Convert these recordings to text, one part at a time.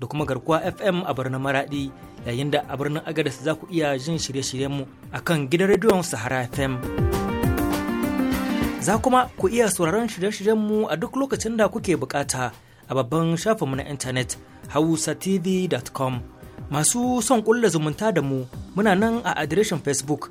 da kuma garkuwa FM a birnin Maradi yayin da a birnin Agadez za ku iya jin shirye-shiryenmu a kan gidan rediyon Sahara FM. Za kuma ku iya sauraron shirye-shiryenmu a duk lokacin da kuke bukata a babban shafinmu na intanet hausatv.com. Masu son kulla zumunta da mu muna nan a adireshin Facebook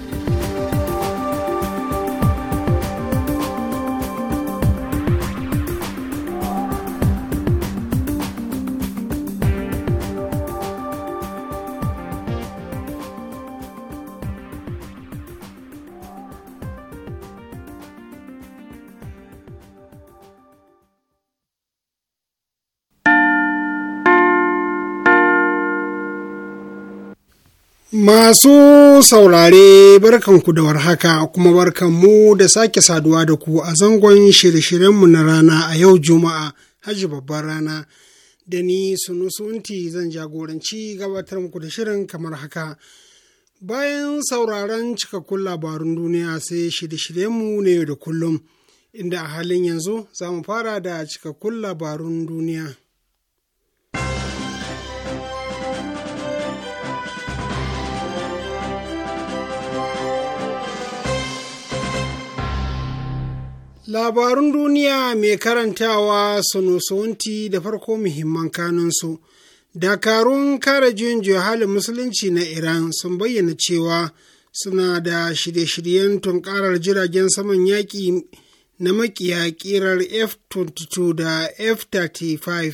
Masu saurare barkanku da warhaka kuma barkanmu da sake saduwa da ku a zangon shirye-shiryenmu na rana a yau Juma'a, Hajji babban rana. Da ni sunusunti zan jagoranci gabatar muku da shirin kamar haka. Bayan sauraron cikakkun labarun duniya sai shirye-shiryenmu ne da kullum, inda a halin yanzu za mu fara da cikakkun labarun duniya. Labarun duniya mai karantawa sunusunti da farko muhimman kanunsu. Dakarun kare juyin halin musulunci na Iran sun bayyana cewa suna da shirye-shiryen tunkarar jiragen saman yaƙi na makiya ƙirar F-22 da F-35.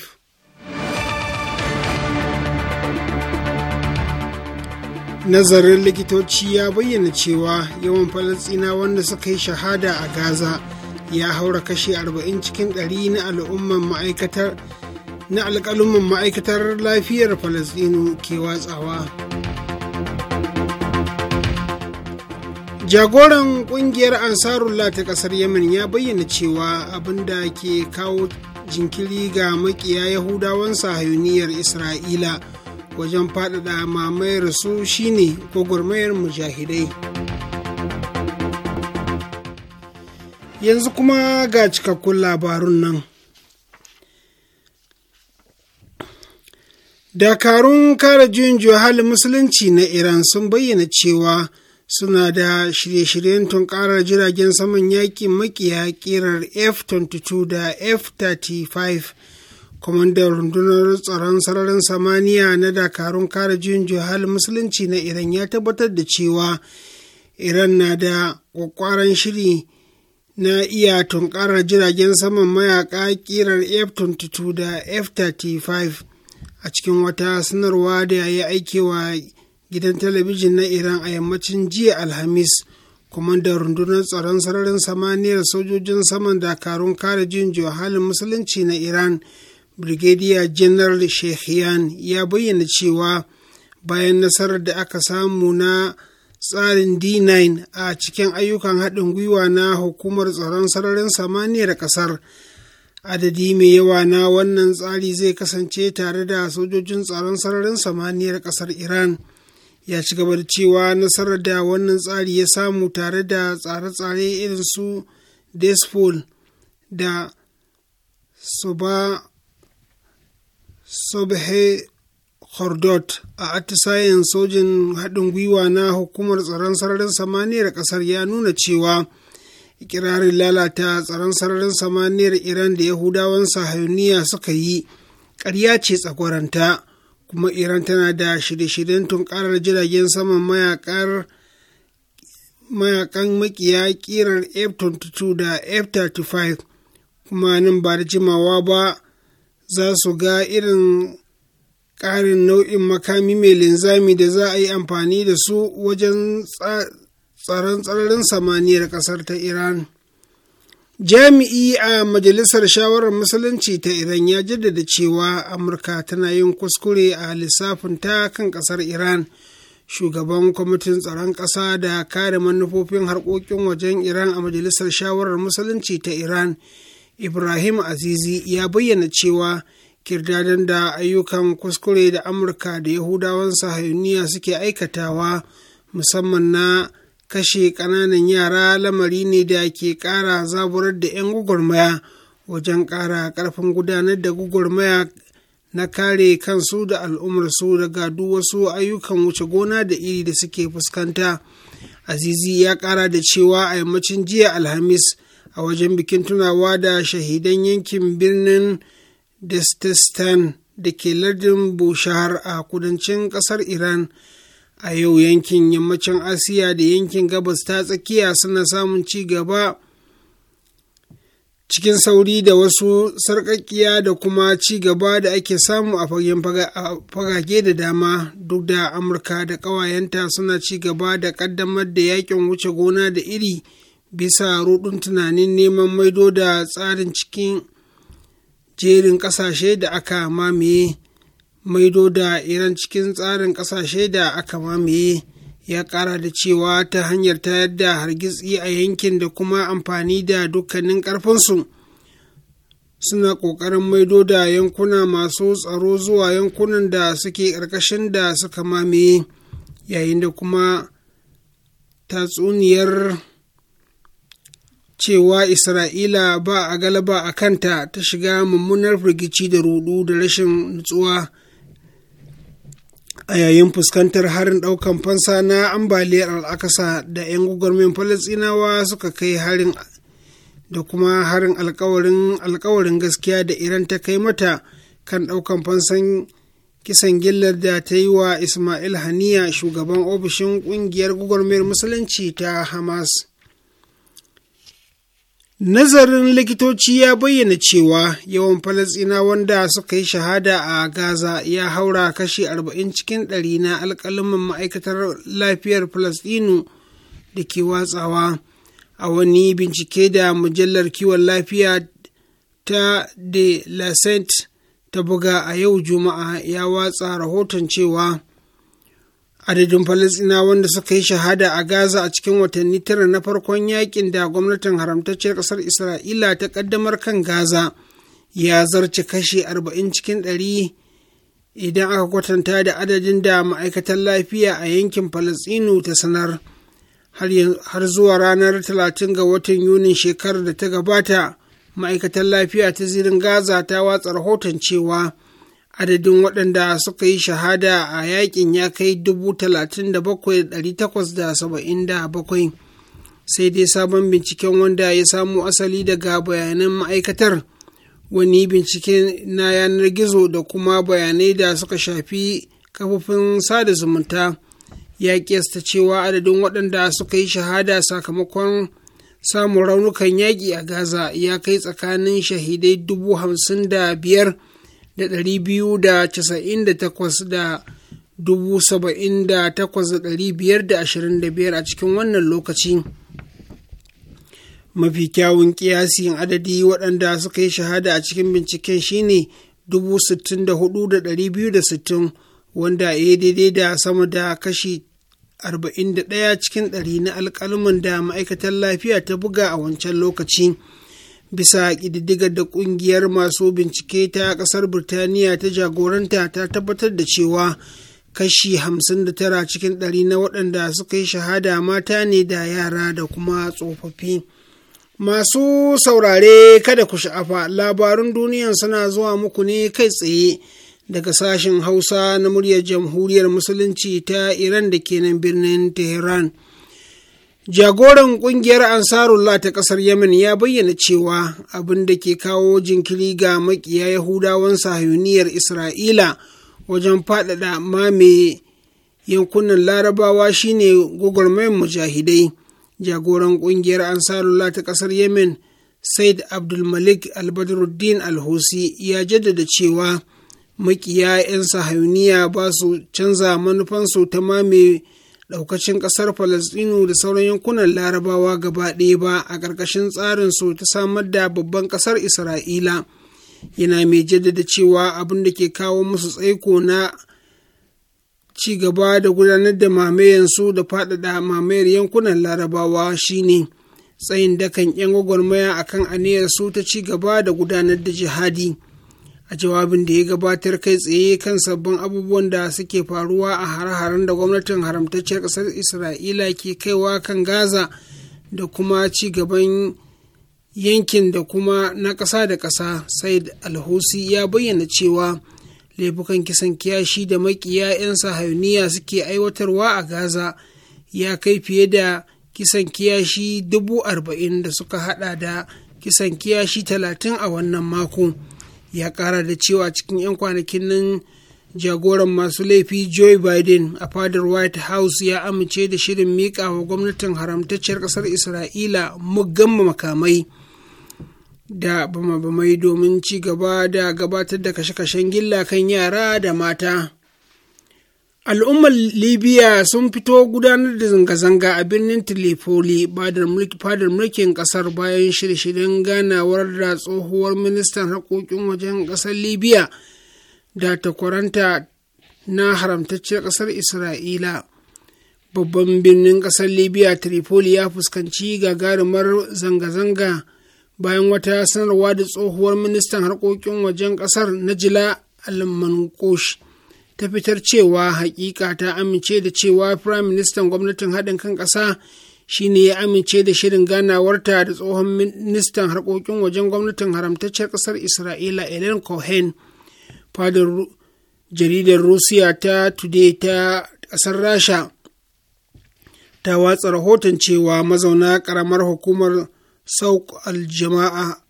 Nazarin likitoci ya bayyana cewa yawan Falasɗina wanda suka yi shahada a Gaza. ya haura kashi 40 cikin ɗari na al'umman ma'aikatar na alƙalumin ma'aikatar lafiyar falasɗinu ke watsawa jagoran ƙungiyar ansarullah ta ƙasar yemen ya bayyana cewa abinda da ke kawo jinkiri ga makiya yahudawan sahayuniyar isra'ila wajen faɗaɗa mamayar su shine gwagwarmayar mujahidai yanzu kuma ga cikakkun labarun nan dakarun kare juyin juhal musulunci na iran sun bayyana cewa suna da shirye-shiryen tunkarar jiragen saman yaƙi makiya ƙirar f-22 da f-35 kwamandan rundunar tsaron sararin samaniya na dakarun kare juyin juhal musulunci na iran ya tabbatar da cewa iran na da kwakwaran shiri na iya tunkarar jiragen saman mayaƙa ƙirar f-22 da f-35 a cikin wata sanarwa da ya yi aikewa gidan talabijin na iran a yammacin jiya alhamis kwamandan rundunar tsaron sararin samaniyar sojojin saman dakarun kare jin halin musulunci na iran brigadier general shehiyan ya bayyana cewa bayan nasarar da aka samu na tsarin d9 a cikin ayyukan haɗin gwiwa na hukumar tsaron sararin samaniyar ƙasar adadi mai yawa na wannan tsari zai kasance tare da sojojin tsaron sararin samaniyar ƙasar iran ya ci gaba da cewa nasarar da wannan tsari ya samu tare da tsare-tsare irin su despol da subhe hordot a atisayen sojin haɗin gwiwa na hukumar tsaron sararin samaniyar ƙasar ya nuna cewa ikirarin lalata tsaron sararin samaniyar iran da yahudawan sahayuniya suka yi ƙarya ce tsakwaranta kuma iran tana da shirye-shiryen tunkarar jiragen saman mayakar mayakan makiya f-22 da f-35 kuma nan ba da jimawa ba za su ga irin ƙarin nau'in makami mai linzami da za a yi amfani da su wajen tsaron tsararin samaniyar ƙasar ta iran jami'i a majalisar shawarar musulunci ta iran ya jaddada cewa amurka tana yin kuskure a lissafin ta kan ƙasar iran shugaban kwamitin tsaron ƙasa da kare manufofin harkokin wajen iran a majalisar shawarar musulunci ta iran ibrahim azizi ya bayyana cewa kirdadan da ayyukan kuskure da amurka da yahudawan sahayuniya suke aikatawa musamman na kashe ƙananan yara lamari ne da ke ƙara zaburar da 'yan gwagwarmaya wajen kara ƙarfin gudanar da gwagwarmaya na kare kansu da al'ummarsu daga duk wasu ayyukan wuce gona da iri da suke fuskanta azizi ya ƙara da cewa a yammacin jiya alhamis a wajen bikin tunawa da shahidan yankin birnin Destistan da ke lardin Bushahar a kudancin ƙasar Iran. A yau yankin yammacin Asiya da yankin gabas ta tsakiya suna samun ci gaba cikin sauri da wasu sarƙaƙiya da kuma ci gaba da ake samu a fagen fagage da dama duk da amurka da ƙawayenta suna ci gaba da ƙaddamar da yakin wuce gona da iri bisa rudun tunanin neman maido da tsarin cikin jerin ƙasashe da aka mamaye maido da iran cikin tsarin ƙasashe da aka mamaye ya ƙara da cewa ta hanyar tayar da hargitsi a yankin da kuma amfani da dukkanin ƙarfinsu suna ƙoƙarin maido da yankuna masu tsaro zuwa yankunan da suke ƙarƙashin da suka mamaye yayin da kuma tatsuniyar cewa Isra'ila ba a galaba a kanta ta shiga mummunar firgici da rudu da rashin nutsuwa a yayin fuskantar harin ɗaukan fansa na ambaliyar al'akasa da 'yan gwagwarmin falasinawa suka kai harin da kuma harin alkawarin alkawarin gaskiya da iran ta kai mata kan ɗaukan fansan kisan gillar da ta yi wa ismail haniya shugaban ofishin ƙungiyar gwagwarmayar musulunci ta hamas Nazarin likitoci ya bayyana cewa yawan Falasina wanda suka yi shahada a Gaza ya haura kashi 40 cikin ɗari na alƙalumin ma'aikatar lafiyar Falasinu da ke watsawa a wani bincike da mujallar kiwon lafiya ta De La Saint ta buga a yau Juma'a ya watsa rahoton cewa adadin falasina wanda suka yi shahada a gaza a cikin watanni tara na farkon yakin da gwamnatin haramtacciyar kasar isra'ila ta kaddamar kan gaza ya zarce kashe 40 cikin 100 idan aka kwatanta da adadin da ma'aikatan lafiya a yankin falasinu ta sanar har zuwa ranar 30 ga watan yunin shekarar da ta gabata ma'aikatan lafiya ta zirin gaza ta watsa rahoton cewa adadin waɗanda suka yi shahada a yakin ya kai 37,877 sai dai sabon binciken wanda ya samo asali daga bayanan ma'aikatar wani bincike na yanar gizo da kuma bayanai da suka shafi kafofin sada zumunta ya kiyasta cewa adadin waɗanda suka yi shahada sakamakon samun raunukan yaƙi a gaza ya kai tsakanin shahidai dubu hamsin da biyar da ɗari biyu da casa'in da takwas da dubu saba'in da takwas da ɗari biyar da ashirin da biyar a cikin wannan lokaci mafi kyawun kiyasin adadi waɗanda suka yi shahada a cikin binciken shine dubu sittin da hudu da ɗari biyu da sittin wanda ya daidai da sama da kashi arba'in da ɗaya cikin ɗari na alƙalmin da ma'aikatan lafiya ta buga a wancan lokaci. bisa ƙididdigar da ƙungiyar masu bincike ta ƙasar birtaniya ta jagoranta ta tabbatar da cewa kashi 59 cikin ɗari na waɗanda suka yi shahada mata ne da yara da kuma tsofaffi masu saurare kada ku sha'afa labarun duniyan suna zuwa muku ne kai tsaye daga sashen hausa na muryar jamhuriyar musulunci ta iran da ke birnin tehran Jagoran ƙungiyar Ansarullah ta ƙasar Yemen ya bayyana cewa abin da ke kawo jinkiri ga makiya Yahudawan sahiyuniyar Isra'ila wajen faɗaɗa mame yankunan Larabawa shine gwagwarmayar mujahidai. Jagoran ƙungiyar Ansarullah ta ƙasar Yemen, Said Abdulmalik Albadruddin Alhusi, ya jaddada cewa makiya 'yan sahayuniya ba su canza manufansu ta mame. Daukacin ƙasar falasɗinu da sauran yankunan larabawa gaba ɗaya ba a ƙarƙashin tsarin su ta samar da babban ƙasar isra'ila yana mai jaddada cewa abin da ke kawo musu tsaiko na ci gaba da gudanar da mamayensu da faɗaɗa mamayar yankunan larabawa shine tsayin dakan 'yan gwagwarmaya akan aniyar su ta ci gaba da gudanar da jihadi. a jawabin da ya gabatar kai tsaye kan sabbin abubuwan da suke faruwa a har-haren da gwamnatin haramtacciyar ƙasar isra'ila ke kaiwa kan gaza da kuma ci gaban yankin da kuma na ƙasa da ƙasa said alhusi ya bayyana cewa laifukan kisan kiyashi da makiya 'yan sahayuniya suke aiwatarwa a gaza ya kai fiye da kisan kiyashi dubu arba'in da suka hada da kisan kiyashi talatin a wannan mako. ya kara da cewa cikin 'yan kwanakin nan jagoran masu laifi joe biden a fadar white house ya amince da shirin miƙa wa gwamnatin haramtacciyar ƙasar isra'ila muggan makamai da bama-bamai domin ci gaba da gabatar da kashe-kashen gilla kan yara da mata al'ummar libya sun fito gudanar da zanga-zanga a birnin tripoli fadar mulkin kasar bayan shirye-shiryen ganawar da tsohuwar ministan harkokin wajen kasar libya da takwaranta na haramtacciyar kasar isra'ila babban birnin kasar libya tripoli ya fuskanci gagarumar zanga-zanga bayan wata sanarwa da tsohuwar ministan harkokin wajen kasar najila al ta fitar cewa hakika ta amince da cewa Prime minister gwamnatin haɗin kan ƙasa ne ya amince da shirin ganawarta da tsohon ministan harkokin wajen gwamnatin haramtaccen ƙasar isra'ila ellen cohen fadar jaridar rusiya ta today ta ƙasar rasha ta watsa rahoton cewa mazauna ƙaramar hukumar sauk aljama'a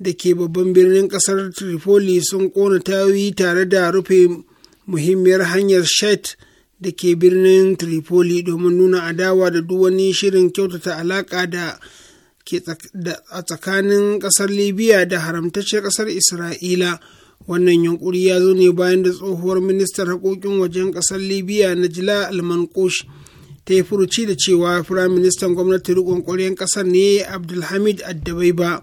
da ke babban birnin ƙasar tripoli sun ƙona tayoyi tare da rufe muhimmiyar hanyar shet da ke birnin tripoli domin nuna adawa da duk wani shirin kyautata alaƙa da ke a tsakanin ƙasar libya da haramtacciyar ƙasar isra'ila wannan yunƙuri ya zo ne bayan da tsohuwar ministan haƙoƙin wajen ƙasar libya jila almankosh ta yi furuci da cewa firaministan gwamnati riƙon ƙwaryen ƙasar ne abdulhamid addabaiba ba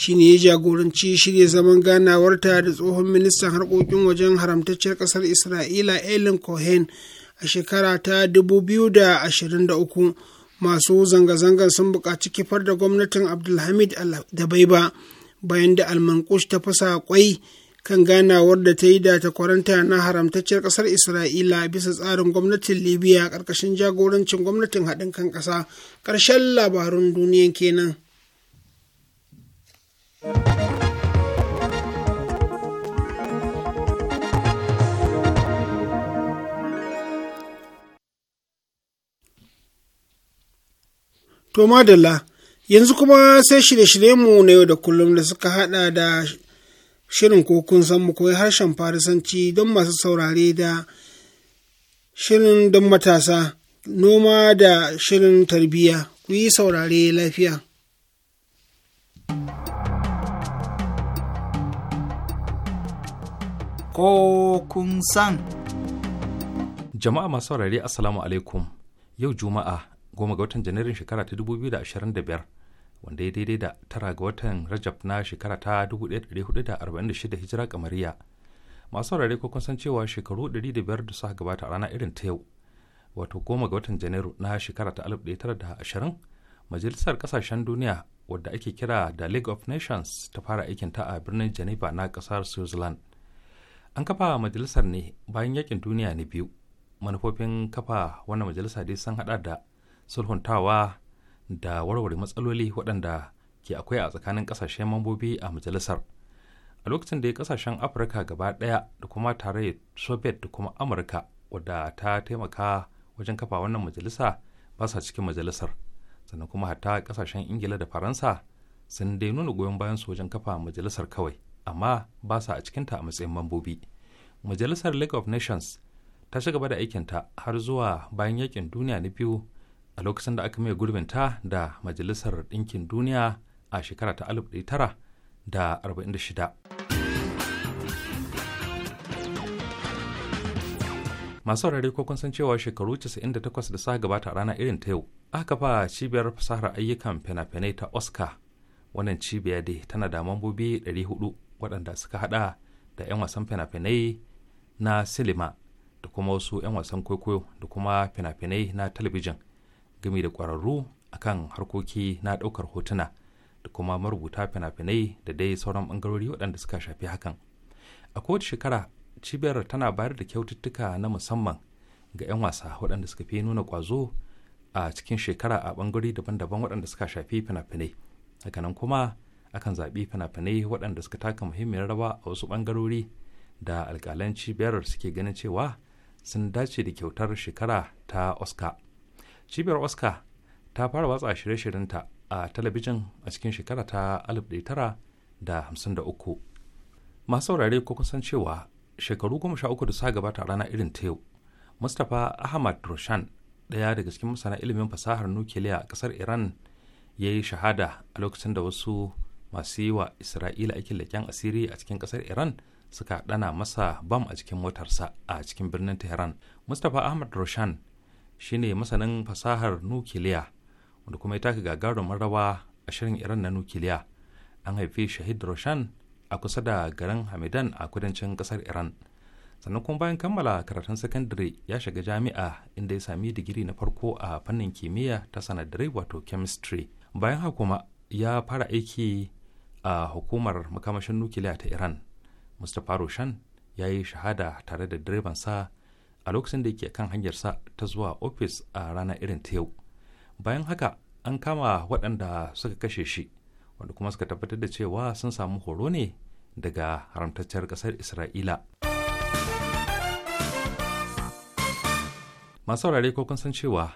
shine ya jagoranci shirya zaman ganawarta da tsohon ministan harkokin wajen haramtacciyar kasar isra'ila elin cohen a shekara ta 2023 masu zanga-zangar sun buƙaci kifar da gwamnatin abdulhamid dabaiba bayan da almankush ta fasa kwai kan ganawar da ta yi da ta kwaranta na haramtacciyar kasar isra'ila bisa tsarin gwamnatin libya ƙarƙashin jagorancin gwamnatin haɗin kan ƙasa ƙarshen labarun duniyan kenan. To madalla, yanzu kuma sai shirye-shiryenmu na yau da kullum da suka haɗa da shirin ko kun san mu koyi harshen farisanci don masu saurare da shirin don matasa, noma da shirin tarbiyya, ku yi saurare lafiya. ko kun san. Jama'a masu saurare Assalamu alaikum yau Juma'a goma ga watan Janairun shekara ta 2025 wanda ya daidai da tara ga watan Rajab na shekara ta 1446 hijira kamariya. Masu saurare ko kun san cewa shekaru 105 da suka gabata a rana irin ta yau wato goma ga watan Janairu na shekara ta 1920 Majalisar Kasashen Duniya wadda ake kira da League of Nations ta fara aikin ta a birnin Geneva na kasar Switzerland. an kafa majalisar ne bayan yakin duniya na biyu manufofin kafa wannan majalisa dai sun hada da sulhuntawa da warware matsaloli waɗanda ke akwai a tsakanin ƙasashen mambobi a majalisar a lokacin da ya ƙasashen afirka gaba ɗaya da kuma tare soviet da kuma amurka wadda ta taimaka wajen kafa wannan majalisa ba sa cikin majalisar sannan kuma hata ƙasashen ingila da faransa sun dai nuna goyon bayan su wajen kafa majalisar kawai amma ba sa a cikinta a matsayin mambobi majalisar league of nations ta shiga da aikinta har zuwa bayan yakin duniya na biyu a lokacin da aka mai ta da majalisar ɗinkin duniya a shekara ta 1946 masu saurari ko kun san cewa shekaru 98 da sa gabata a rana irin ta yau aka fa cibiyar fasahar ayyukan fina-finai ta oscar wannan cibiyar dai tana da mambobi 400 waɗanda suka haɗa da 'yan wasan fina-finai na silima da kuma wasu 'yan wasan kwaikwayo da kuma fina-finai na talabijin gami da ƙwararru akan harkoki na ɗaukar hotuna da kuma marubuta fina-finai da dai sauran ɓangarori waɗanda suka shafi hakan a kowace shekara cibiyar tana bayar da kyaututtuka na musamman ga 'yan wasa waɗanda suka fi nuna ƙwazo a cikin shekara a ɓangare daban-daban waɗanda suka shafi fina-finai hakanan kuma akan zaɓi fina-finai waɗanda suka taka muhimmiyar rawa a wasu bangarori da alƙalanci biyar suke ganin cewa sun dace da kyautar shekara ta oscar cibiyar oscar ta fara watsa shirye-shiryenta a talabijin a cikin shekara ta 1953 masu saurare ko kusan cewa shekaru goma sha uku da sa gabata rana irin ta yau mustapha ahmad roshan ɗaya daga cikin masana ilimin fasahar nukiliya a ƙasar iran ya yi shahada a lokacin da wasu masu yi wa isra'ila aikin leƙen asiri a cikin ƙasar iran suka ɗana masa bam a cikin motarsa a cikin birnin tehran mustapha ahmad roshan shine masanin fasahar nukiliya wanda kuma ya taka gagarumin rawa a shirin iran na nukiliya an haifi shahid roshan a kusa da garin hamidan a kudancin ƙasar iran sannan kuma bayan kammala karatun sakandare ya shiga jami'a inda ya sami digiri na farko a fannin kimiyya ta sanadarai wato chemistry bayan haka kuma ya fara aiki a hukumar makamashin nukiliya ta iran mustapha roshan ya yi shahada tare da direban sa a lokacin da yake kan hanyarsa ta zuwa ofis a rana irin ta yau bayan haka an kama waɗanda suka kashe shi wanda kuma suka tabbatar da cewa sun samu horo ne daga haramtacciyar kasar isra'ila masu saurare ko kun san cewa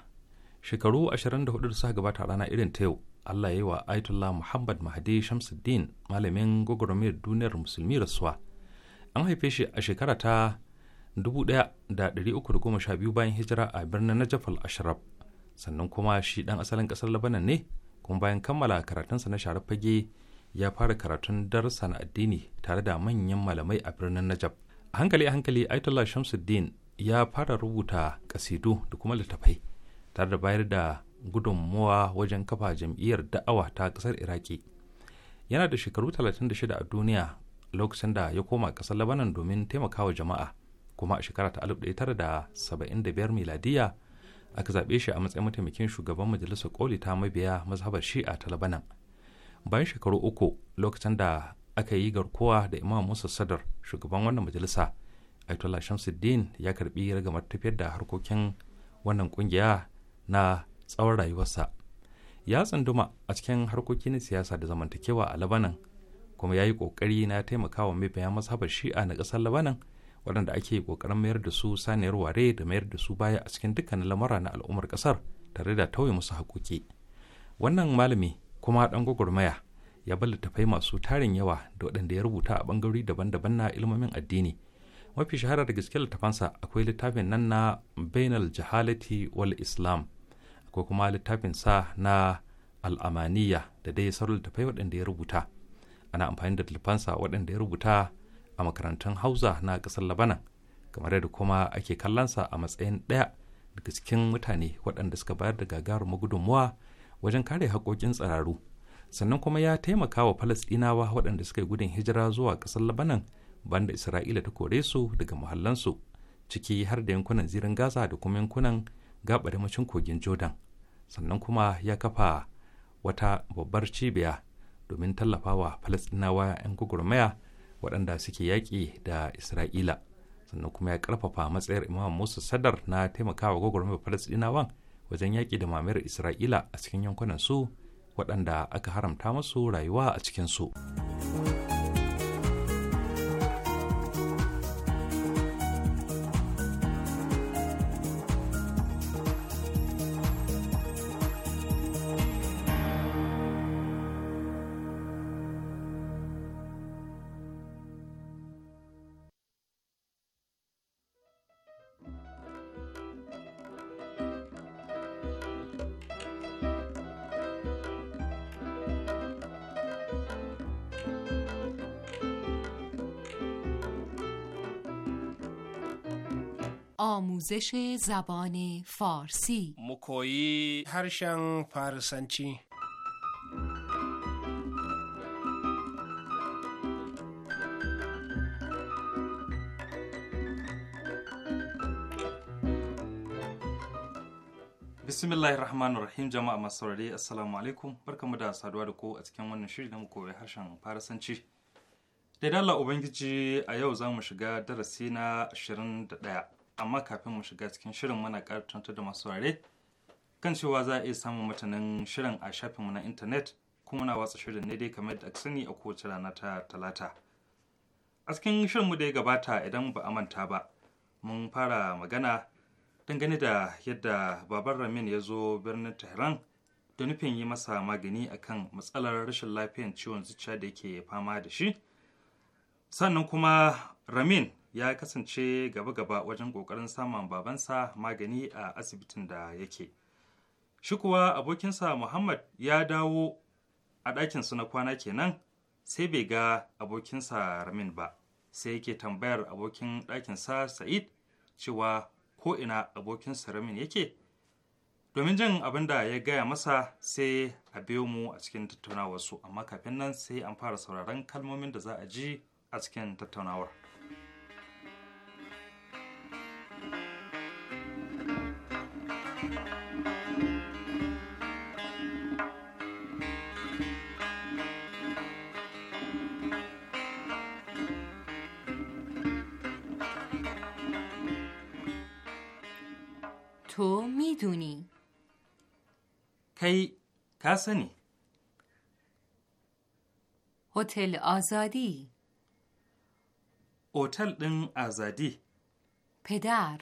shekaru 24 da suka gabata rana irin ta yau Allah ya yi wa Aitullah Muhammad Mahdi Shamsuddin malamin gwagwarmayar duniyar musulmi rasuwa. An haife shi a shekara ta 1312 bayan hijira a birnin Najaf al-Ashraf. Sannan kuma shi ɗan asalin ƙasar Labanan ne, kuma bayan kammala karatunsa na share fage ya fara karatun darussa na addini tare da manyan malamai a birnin Najaf. A hankali a hankali Aitullah Shamsuddin ya fara rubuta kasidu da kuma littafai tare da bayar da gudunmuwa wajen kafa jam'iyyar da'awa ta ƙasar iraki yana da shekaru 36 a duniya lokacin da ya koma kasar labanan domin taimakawa jama'a kuma a shekara ta 1975 miladiya aka zaɓe shi a matsayin mataimakin shugaban majalisar koli ta mabiya mazhabar shi'a ta labanan bayan shekaru uku lokacin da aka yi garkuwa da imam musa sadar shugaban wannan majalisa aitullah shamsuddin ya karbi ragamar tafiyar da harkokin wannan ƙungiya na tsawon rayuwarsa ya tsunduma a cikin harkoki na siyasa da zamantakewa a labanan kuma ya yi ƙoƙari na taimakawa mabiya masabar shi'a na ƙasar labanan waɗanda ake ƙoƙarin mayar da su saniyar ware da mayar da su baya a cikin dukkanin lamura na al'ummar ƙasar tare da tauye musu hakoki wannan malami kuma ɗan gwagwarmaya ya bar littafai masu tarin yawa da waɗanda ya rubuta a ɓangarori daban-daban na ilmomin addini mafi shahara da gaske littafansa akwai littafin nan na bainal jahalati wal islam ko kuma littafin sa na al'amaniya da dai sauran littafai waɗanda ya rubuta ana amfani da littafansa waɗanda ya rubuta a makarantun hausa na ƙasar labanan kamar da kuma ake kallonsa a matsayin ɗaya daga cikin mutane waɗanda suka bayar da gagarumin gudunmuwa wajen kare haƙoƙin tsararu sannan kuma ya taimaka wa falasɗinawa waɗanda suka yi gudun hijira zuwa ƙasar labanan banda isra'ila ta kore su daga muhallansu ciki har da yankunan zirin gaza da kuma yankunan gaɓa macin kogin jordan sannan kuma ya kafa wata babbar cibiya domin tallafawa falastinawa 'yan gwagwarmaya waɗanda suke yaƙi da isra'ila sannan kuma ya ƙarfafa matsayar imam musu sadar na taimakawa gwagwarmaya falastinawa wajen yaƙi da mamayar isra'ila a cikin yankunan su waɗanda aka haramta musu rayuwa a cikin su آموزش زبان فارسی مکویی هرشن فارسنچی bismillahir rahmanir rahim jama'a masu saurare assalamu alaikum barkamu da saduwa da ku a cikin wannan shiri da mu koyi harshen farasanci da dala ubangiji a yau za mu shiga darasi na 21 amma kafin mu shiga cikin shirin muna karatantar da masu ware kan cewa za a iya samun matanin shirin a shafinmu na intanet kuma na watsa shirin ne dai kamar da sani a kowace rana ta talata a cikin shirinmu da ya gabata idan ba a manta ba mun fara magana dangane da yadda babar ramin ya zo birnin tehran da nufin yi masa magani akan matsalar rashin lafiyan ciwon zuciya da yake fama da shi sannan kuma ramin ya kasance gaba-gaba wajen ƙoƙarin samun babansa magani a asibitin da yake shi kuwa abokinsa muhammad ya dawo a ɗakinsu na kwana kenan sai bai ga abokinsa ramin ba sai yake tambayar abokin ɗakinsa sa'id cewa ko ina abokinsa ramin yake domin jin abin da ya gaya masa sai a biyo mu a cikin tattaunawarsu amma kafin nan sai an fara sauraron kalmomin da za a ji a cikin tattaunawar. تو میدونی کی کسنی هتل آزادی هتل دن آزادی پدر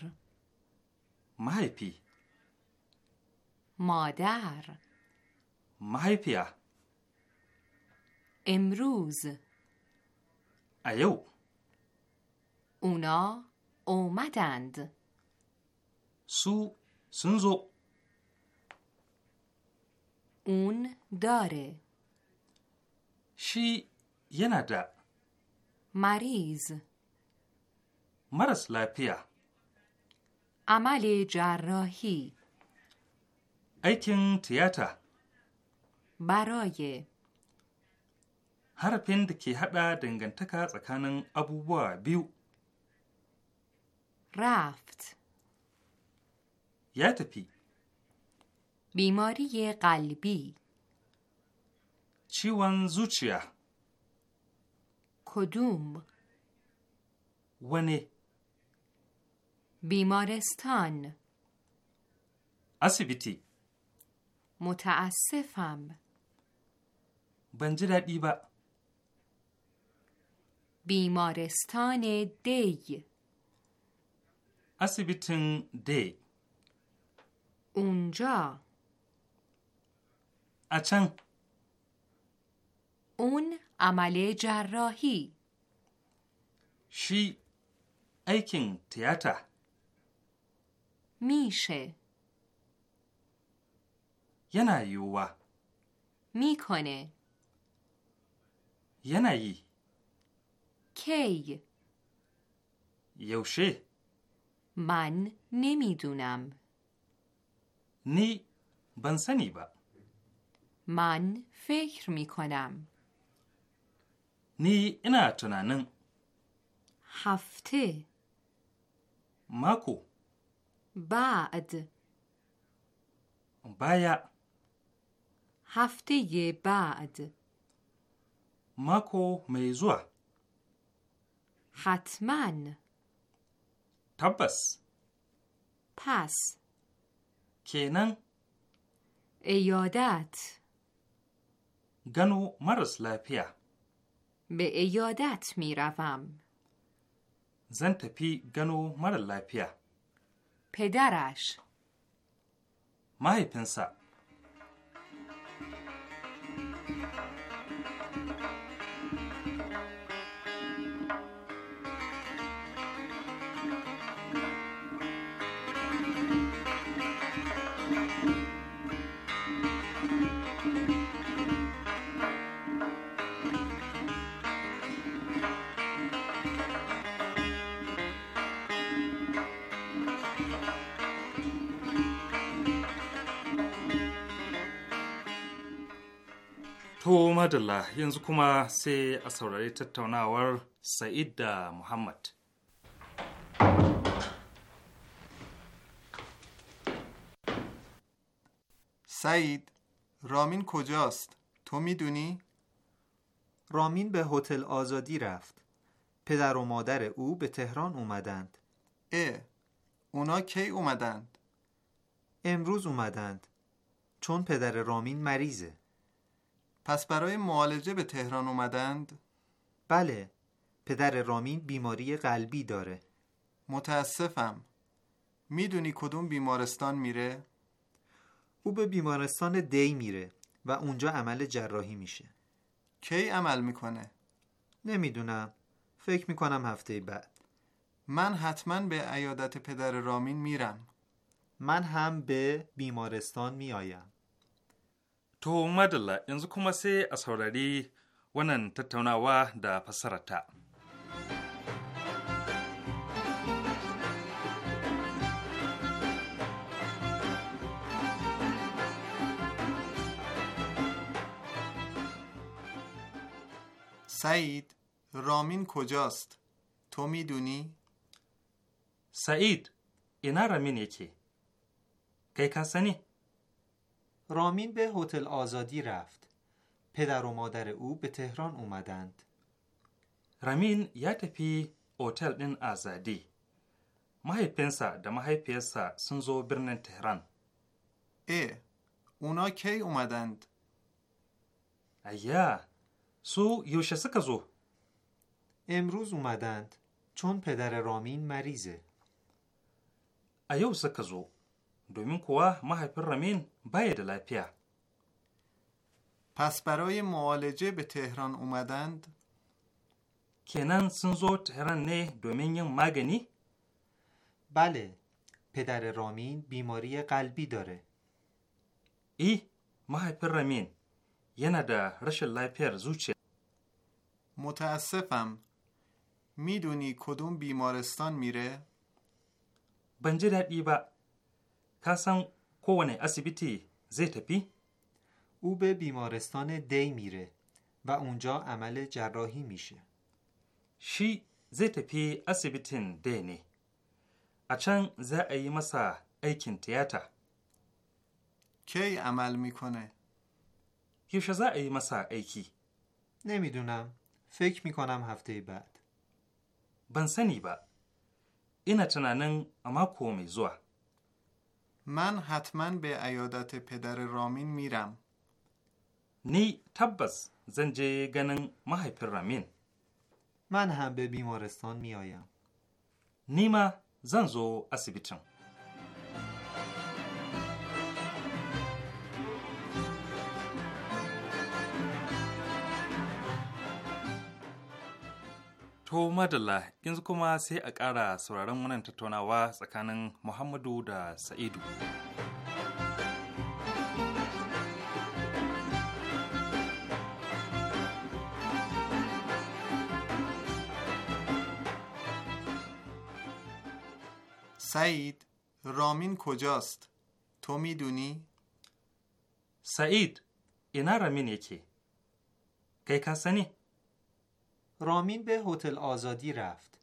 مایپی مادر مایپیا. امروز ایو اونا اومدند سو sun zo. Un dare. Shi yana da. Mariz. Maras lafiya. Amale jarrahi. Aikin tiyata. Baroye. Harafin da ke haɗa dangantaka tsakanin abubuwa biyu. Raft. یا تپی بیماری قلبی چی وان کدوم ونه بیمارستان اسیبیتی متاسفم بن بیمارستان دی اسیبیتن دی اونجا اچن اون عمل جراحی شی ایکن تیاتا میشه ینا یووا میکنه ینا یی کی یوشه من نمیدونم نی بنسنی با من فکر می کنم نی اینا تنانن هفته ماکو بعد بایا هفته بعد ماکو میزوه حتما تبس پس kenan ayyadat gano maras lafiya be ayyadat mirafam zan tafi gano mara lafiya pedarash mahaifinsa تو madalla yanzu kuma sai a saurari tattaunawar Sa'id da Muhammad. سعید رامین کجاست؟ تو میدونی؟ رامین به هتل آزادی رفت. پدر و مادر او به تهران اومدند. اه اونا کی اومدند؟ امروز اومدند. چون پدر رامین مریضه. پس برای معالجه به تهران اومدند؟ بله پدر رامین بیماری قلبی داره متاسفم میدونی کدوم بیمارستان میره؟ او به بیمارستان دی میره و اونجا عمل جراحی میشه کی عمل میکنه؟ نمیدونم فکر میکنم هفته بعد من حتما به عیادت پدر رامین میرم من هم به بیمارستان میایم. To madalla yanzu kuma sai a saurari wannan tattaunawa da fassararta. سعید رامین کجاست؟ تو میدونی؟ سعید اینا رامین یکی کی sani رامین به هتل آزادی رفت. پدر و مادر او به تهران اومدند. رامین یه پی هتل دن آزادی. ماهی پیسا ده ماهی پیسا سنزو برن تهران. ای اونا کی اومدند؟ ایا سو یوشه سکزو؟ امروز اومدند چون پدر رامین مریضه. ایو سکزو دومین کوه mahaifin پر baya da lafiya پس برای معالجه به تهران اومدند کنن سنزو تهران نه دومین ین مگنی بله پدر رامین بیماری قلبی داره ای محیف رامین یه نده رش لایپیر زوچه متاسفم میدونی کدوم بیمارستان میره؟ بنجه در ای تا سن کوونه اسیبیتی زی تپی؟ او به بیمارستان دی میره و اونجا عمل جراحی میشه. شی زی تپی اسیبیتین دی نه. اچن زا ای مسا ایکین تیاتا. کی عمل میکنه؟ یوشه زا ای مسا ایکی. نمیدونم. فکر میکنم هفته بعد. بنسنی با. اینا تنانن اما کومی زوا. من حتما به عیادت پدر رامین میرم نی تبس زنجی گنن ماهی پر رامین من هم به بیمارستان میایم نیما زنزو اسیبیتم To madalla yanzu kuma sai a ƙara sauraron wannan tattaunawa tsakanin Muhammadu da Sa'idu. سعید رامین کجاست؟ تو میدونی؟ سعید اینا رامین یکی کی کسانی؟ رامین به هتل آزادی رفت.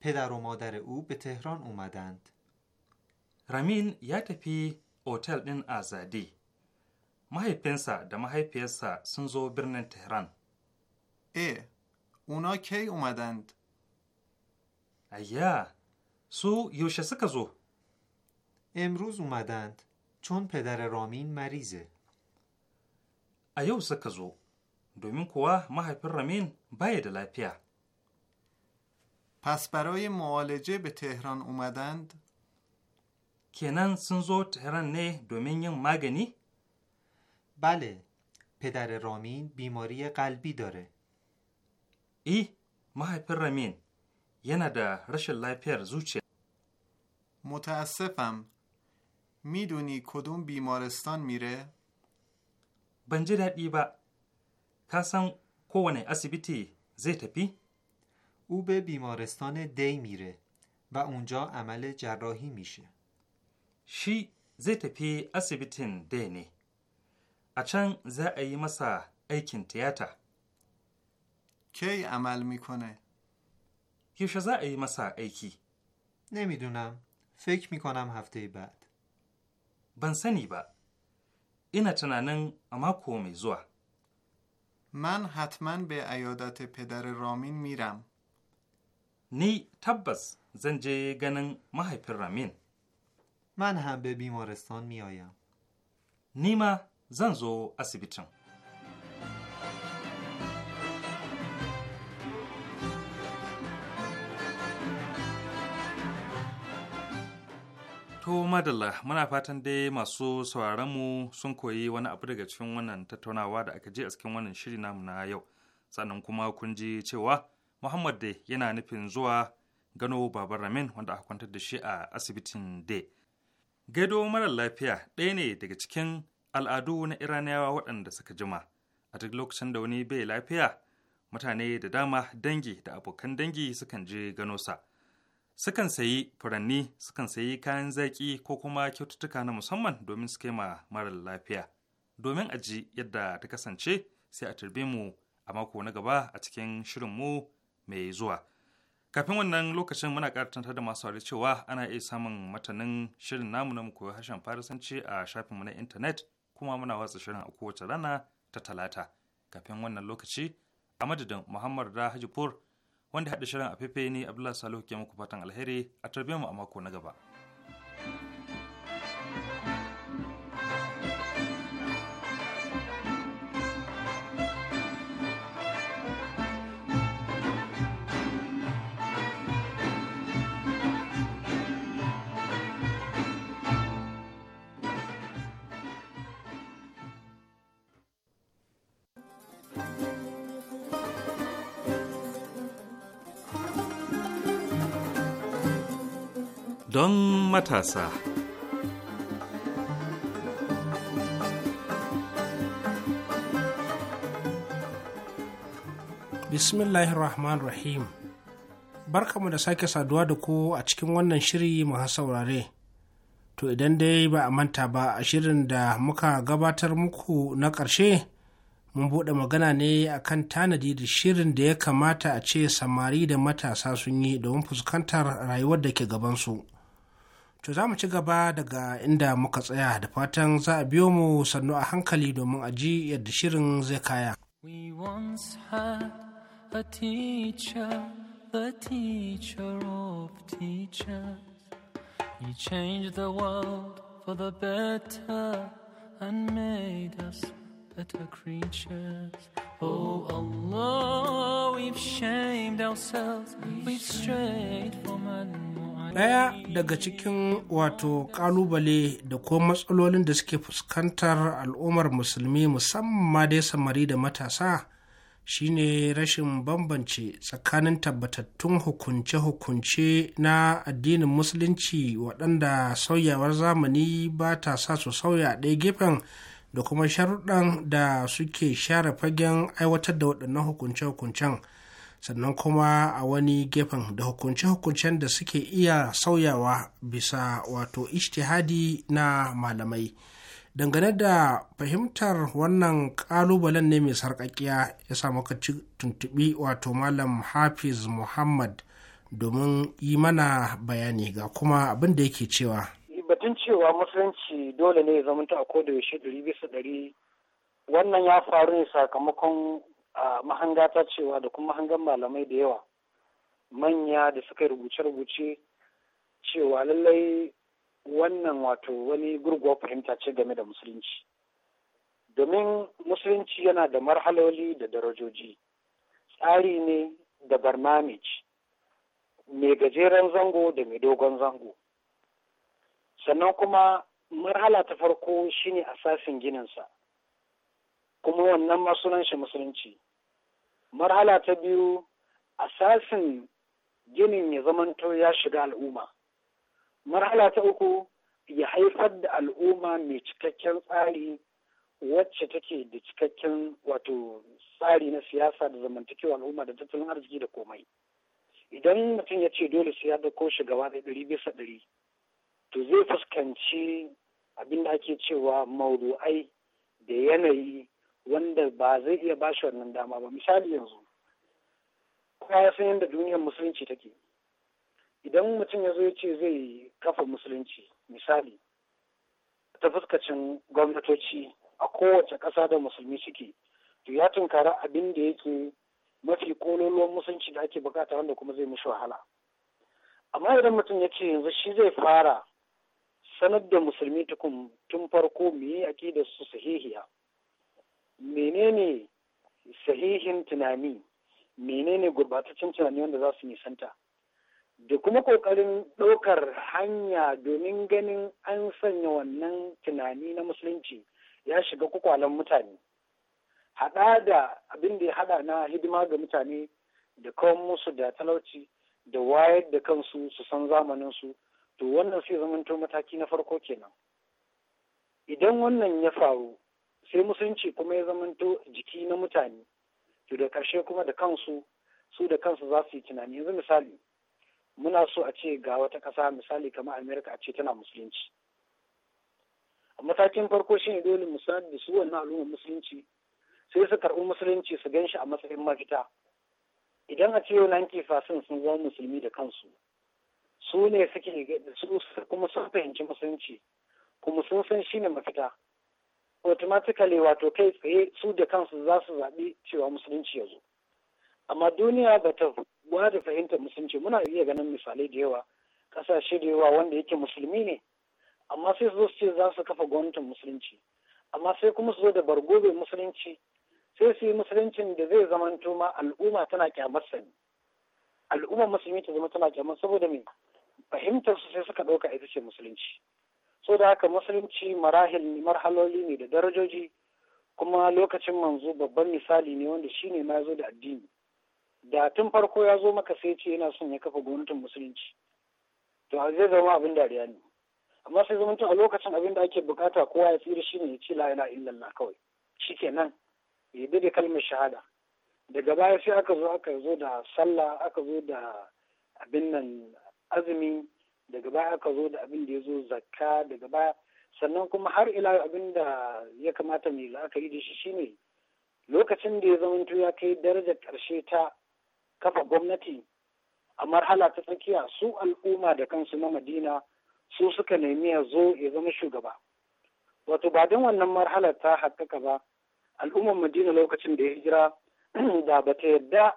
پدر و مادر او به تهران اومدند. رامین یه پی هتل دین آزادی. ماهی پنسا ده ماهی پیسا سنزو برن تهران. ای، اونا کی اومدند؟ ایه. سو یوشسه امروز اومدند چون پدر رامین مریضه. ایو سکزو. دومین کوه mahaifin ramin باید da پس برای معالجه به تهران اومدند؟ کنن سنزو تهران نه دومین ین مگنی؟ بله پدر رامین بیماری قلبی داره ای محیپ رامین یه نده رش لایپیر زوچه متاسفم میدونی کدوم بیمارستان میره؟ بنجه در با ka san kowane asibiti zai tafi او به بیمارستان دی میره و اونجا عمل جراحی میشه شی زی تپی اسیبیتین دی نه اچن زا ای مسا ایکین تیاتا کی عمل میکنه یوشه زا ای مسا ایکی نمیدونم فکر میکنم هفته بعد ban sani ba ina tunanin a mako mai zuwa من حتما به عیادت پدر رامین میرم. نی تبس زنجه گنن ماهی پر رامین. من هم به بیمارستان میایم. نیما زنزو اسیبیتم. To madalla muna fatan dai masu sauraron mu sun koyi wani abu daga cikin wannan tattaunawa da aka je a cikin wannan shiri namu na yau. Sannan kuma kun ji cewa Muhammad dai yana nufin zuwa gano baban Ramin wanda aka kwantar da shi a asibitin dai. Gado marar lafiya ɗaya ne daga cikin al'adu na Iraniyawa waɗanda suka jima. A duk lokacin da wani bai lafiya, mutane da dama dangi da abokan dangi sukan je gano sa. sukan sayi furanni sukan sayi kayan zaƙi ko kuma kyaututtuka na musamman domin su kaima mara lafiya domin a ji yadda ta kasance sai a turbe mu a mako na gaba a cikin shirin mu mai zuwa kafin wannan lokacin muna karatantar da masu aure cewa ana iya samun matanin shirin namu na koyi harshen farisanci a shafinmu na intanet kuma muna watsa shirin a kowace rana ta talata kafin wannan lokaci a madadin muhammad da hajipur wanda haɗa shirin a ne abdullahi salihu ke muku fatan alheri a tarbiyyar mu a mako na gaba. don matasa. Bismillahirrahmanirrahim. Barkamu da sake saduwa da ku a cikin wannan shiri masu saurare. To idan dai ba a manta ba a shirin da muka gabatar muku na ƙarshe, mun buɗe magana ne a kan tanadi da shirin da ya kamata a ce samari da matasa sun yi domin fuskantar rayuwar da ke gabansu. To za mu ci gaba daga inda muka tsaya da fatan za a biyo mu sannu a hankali domin a ji yadda shirin zai kaya. We once had a teacher, the teacher of teachers. He changed the world for the better and made us better creatures. Oh Allah, we've shamed ourselves, we've strayed from Allah. ɗaya daga cikin wato ƙalubale da ko matsalolin da suke fuskantar al'ummar musulmi musamman dai samari da matasa shine rashin bambance tsakanin tabbatattun hukunce-hukunce na addinin musulunci waɗanda sauyawar zamani ba ta sa su sauya ɗaya gefen da kuma sharuɗan da suke share fagen aiwatar da waɗannan hukunce-hukuncen. sannan kuma a wani gefen da hukunce-hukuncen da suke iya sauyawa bisa wato ishtihadi na malamai dangane da fahimtar wannan kalubalen ne mai sarkakiya ya samu ka tuntubi wato malam hafiz muhammad domin yi mana bayani ga kuma abin da yake cewa batun cewa musulunci dole ne ya zamanta a da yaushe ɗari bisa ɗari wannan ya faru ne sakamakon a mahanga ta cewa da kuma mahangan malamai da yawa manya da suka rubuce-rubuce cewa lallai wannan wato wani gurguwa fahimta ce game da musulunci domin musulunci yana da marhaloli da darajoji tsari ne da barnamij mai gajeren zango da mai dogon zango sannan kuma marhala ta farko shine asasin sa. kuma wannan masunan shi musulunci marhala ta biyu asasin ginin ya zamanto ya shiga al'umma marhala ta uku ya haifar da al'umma mai cikakken tsari wacce take da cikakken wato tsari na siyasa da zamantakewa al'umma da tattalin arziki da komai idan mutum ya ce dole sai ya dauko shugaba da ɗari bisa ɗari to zai fuskanci abin da ake cewa mauru'ai da yanayi wanda ba zai iya bashi shi wannan dama ba misali yanzu Kuma ya san yadda duniyar musulunci take idan mutum ya zo ya ce zai kafa musulunci misali ta fuskacin gwamnatoci a kowace ƙasa da musulmi suke to ya tunkara abin da yake mafi kololuwan musulunci da ake bukata wanda kuma zai mishi wahala amma idan mutum ya ce yanzu shi zai fara sanar da musulmi tukun tun farko mu yi aƙidar su sahihiya menene sahihin tunani menene gurbataccen tunani wanda za su nisanta da kuma ƙoƙarin ɗaukar hanya domin ganin an sanya wannan tunani na musulunci ya shiga kwakwalen mutane haɗa da abin da ya haɗa na hidima ga mutane da kawon musu da talauci da wayar da kansu su san zamaninsu to wannan sai zamanto mataki na farko kenan idan wannan ya faru sai musulunci kuma ya zamanto jiki na mutane to da ƙarshe kuma da kansu su da kansu za su yi tunani yanzu misali muna so a ce ga wata ƙasa misali kamar amerika a ce tana musulunci a matakin farko shine dole misali da su wannan al'ummar musulunci sai su karɓi musulunci su gan shi a matsayin mafita idan a ce yau fasin sun zama musulmi da kansu su ne suke su kuma sun fahimci musulunci kuma sun san shine mafita automatically wato kai tsaye su da kansu za su zaɓi cewa musulunci ya zo amma duniya ba ta da fahimtar musulunci muna iya ganin misalai da yawa ƙasashe da yawa wanda yake musulmi ne amma sai su zo su ce za su kafa gwamnatin musulunci amma sai kuma su zo da bargobe musulunci sai su yi musuluncin da zai zamanto ma al'umma tana kyamarsa ne al'umma musulmi ta zama tana kyamar saboda me fahimtar su sai suka ɗauka ita ce musulunci so da haka musulunci marahil ne marhaloli ne da darajoji kuma lokacin manzo babban misali ne wanda shi ne ma zo da addini da tun farko ya zo maka sai ce yana son ya kafa gwamnatin musulunci to zai zama abin dariya ne amma sai zama a lokacin abin da ake bukata kowa ya tsira shine ya ce la ilaha illallah kawai shi shikenan ya dade kalmar shahada daga baya sai aka zo aka zo da sallah aka zo da abin nan azumi daga baya aka zo da abin da ya zo zakka daga baya sannan kuma har ila abin da ya kamata mai la'akari da shi shine lokacin da ya zamanto ya kai darajar ƙarshe ta kafa gwamnati a marhala ta tsakiya su al'umma da kansu na madina su suka nemi ya zo ya zama shugaba wato ba don wannan marhala ta haƙƙaƙa ba al'ummar madina lokacin da ya jira da ba ta yarda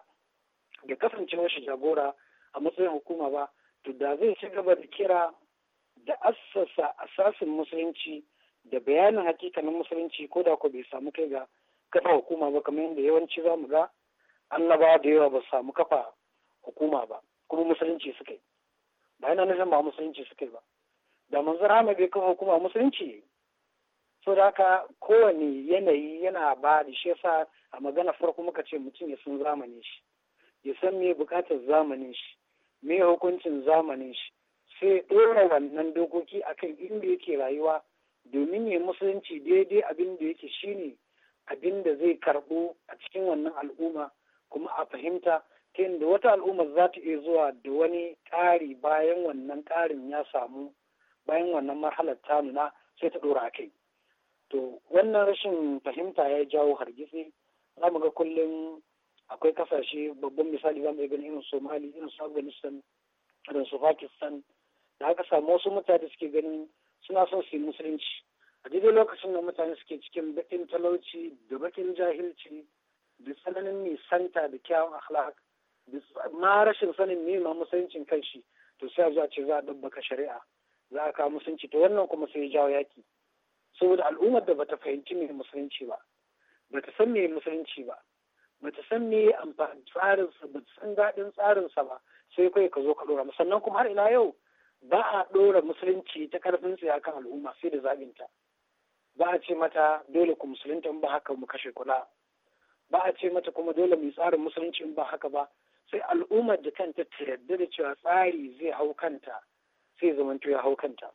da kasancewar shi jagora a matsayin hukuma ba to da zai ci gaba da kira da assasa asasin musulunci da bayanin hakikanin musulunci ko da ko bai samu kai ga kafa hukuma ba kamar yadda yawanci za mu ga annaba da yawa ba samu kafa hukuma ba kuma musulunci suka yi ba yana nufin ba musulunci suka yi ba da manzo hama bai kafa hukuma musulunci so da haka kowane yanayi yana ba da shi yasa a magana farko muka ce mutum ya san zamanin shi ya san me bukatar zamanin shi me hukuncin zamanin shi sai ɗora wannan dokoki akan inda yake rayuwa domin ya musulunci daidai abin da yake shine abin da zai karɓo a cikin wannan al'umma kuma a fahimta ta yadda wata al'umma za ta iya zuwa da wani ƙari bayan wannan ƙarin ya samu bayan wannan marhalar ta nuna sai ta ɗora a kai to wannan rashin fahimta ya jawo hargitsi za mu ga kullum akwai kasashe babban misali za mu iya ganin irin somali irin su afghanistan irin su pakistan da haka samu wasu mutane suke ganin suna son su yi musulunci a daidai lokacin da mutane suke cikin baƙin talauci da baƙin jahilci da tsananin nisanta da kyawun akhlaq ma rashin sanin nema musuluncin kan shi to sai a zuwa ce za a ɗabbaka shari'a za a kawo musulunci to wannan kuma sai ya jawo yaki saboda al'ummar da bata fahimci mai musulunci ba bata san mai musulunci ba bata san me amfani tsarinsa ba san daɗin tsarinsa ba sai kai ka zo ka ɗora sannan kuma har ila yau ba a ɗora musulunci ta ƙarfin tsaye kan al'umma sai da zaɓinta ba a ce mata dole ku musulunta ba haka mu kashe kula ba a ce mata kuma dole mu tsarin musulunci in ba haka ba sai al'ummar da kanta ta yarda da cewa tsari zai hau kanta sai zamanto ya hau kanta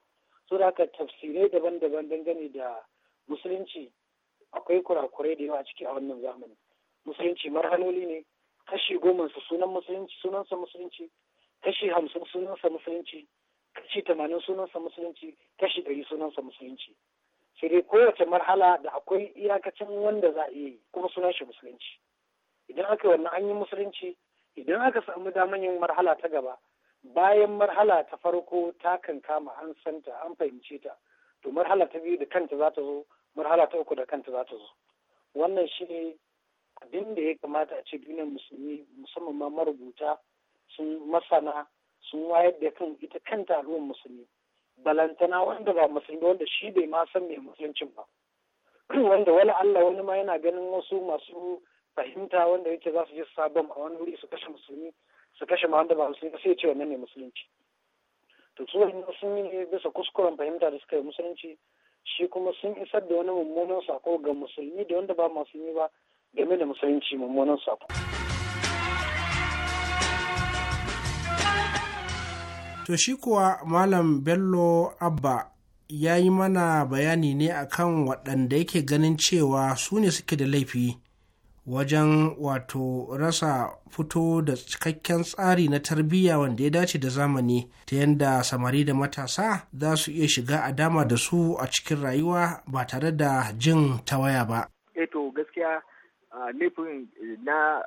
so da haka tafsirai daban-daban dangane da musulunci akwai kurakurai da yawa ciki a wannan zamani musulunci marhanoli ne kashi goma su sunan musulunci sunansa musulunci kashi hamsin sunansa musulunci kashi tamanin sunansa musulunci kashi ɗari sunansa musulunci sai dai kowace marhala da akwai iyakacin wanda za a yi kuma sunan shi musulunci idan aka wannan an yi musulunci idan aka samu daman yin marhala ta gaba bayan marhala ta farko ta kan kama an santa an fahimce ta to marhala ta biyu da kanta za ta zo marhala ta uku da kanta za ta zo wannan shi ne abin da ya kamata a ce duniyar musulmi musamman ma marubuta sun masana sun wayar da kan ita kanta al'ummar musulmi balantana wanda ba musulmi wanda shi bai ma san mai musuluncin ba wanda wala Allah wani ma yana ganin wasu masu fahimta wanda yake za su je sabon a wani wuri su kashe musulmi su kashe ma wanda ba musulmi sai ya ce wannan ne musulunci to su wani musulmi ne bisa kuskuren fahimta da suka yi musulunci shi kuma sun isar da wani mummunan sako ga musulmi da wanda ba musulmi ba game da musulunci mummunan sako. To shi kuwa Malam Bello Abba ya yi mana bayani ne akan waɗanda yake ganin cewa su ne suke da laifi wajen wato rasa fito da cikakken tsari na tarbiyya wanda ya dace da zamani ta yadda samari da matasa za su iya shiga a dama da su a cikin rayuwa ba tare da jin tawaya ba. Eto eh gaskiya laifin eh, na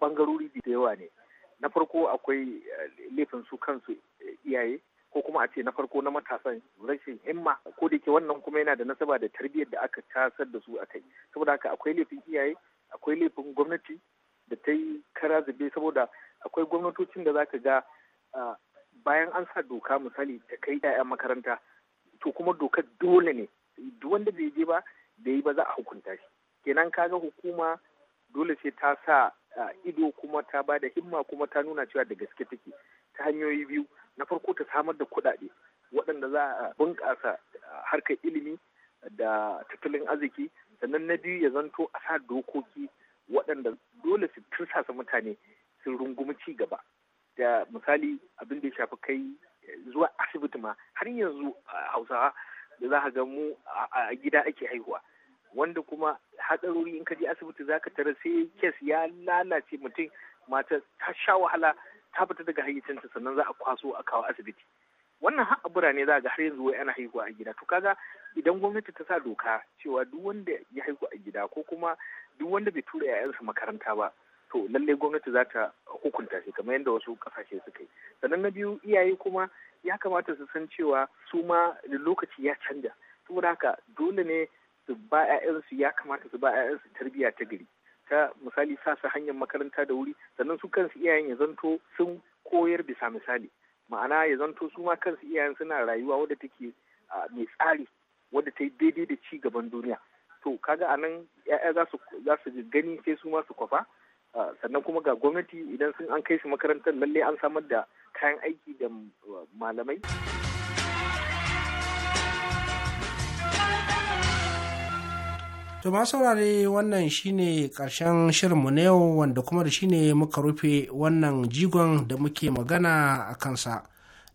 bangarori da yawa ne na farko akwai eh, laifin su kansu eh, iyaye ko kuma a ce na farko na matasan rashin himma ko da ke wannan kuma yana da nasaba da tarbiyyar da aka tasar da su a kai saboda haka akwai laifin iyaye akwai laifin gwamnati da ta yi kara zube saboda akwai gwamnatocin da zaka ga bayan an sa doka misali ta kai ɗaya makaranta to kuma dokar dole ne duk wanda bai je ba da yi ba za a hukunta shi kenan kaga hukuma dole sai ta sa ido kuma ta ba da himma kuma ta nuna cewa da gaske take ta hanyoyi biyu na farko ta samar da kuɗaɗe waɗanda za a bunƙasa harkar ilimi da tattalin arziki sannan na biyu ya zanto a sa dokoki waɗanda dole su tursasa mutane sun rungumi ci gaba da misali abin da ya shafi kai zuwa asibiti ma har yanzu hausawa da za ga mu a gida ake haihuwa wanda kuma hatsarori in ka je asibiti za ka tara sai kes ya lalace mutum mata ta sha wahala ta fita daga hayyacinta sannan za a kwaso a kawo asibiti wannan har a birane za ga har yanzu wai ana haihuwa a gida to kaga idan gwamnati ta sa doka cewa duk wanda ya haihu a gida ko kuma duk wanda bai tura 'ya'yansa makaranta ba to lallai gwamnati za ta hukunta shi kamar yadda wasu kasashe suka yi sannan na biyu iyaye kuma ya kamata su san cewa su ma lokaci ya canja saboda haka dole ne su ba 'ya'yansu ya kamata su ba 'ya'yansu tarbiyya ta gari ta misali sa su hanyar makaranta da wuri sannan su kansu iyayen ya zanto sun koyar bisa misali ma'ana ya zanto su ma kansu iyayen suna rayuwa wadda take mai tsari wadda ta yi daidai da ci gaban duniya to kaga anan ya'ya za su gani sai su ma su kwafa sannan kuma ga gwamnati idan sun an kai su makarantar lallai an samar da kayan aiki da malamai. To ma saurare wannan shine ƙarshen shirinmu na yau wanda kuma da shine muka rufe wannan jigon da muke magana a kansa.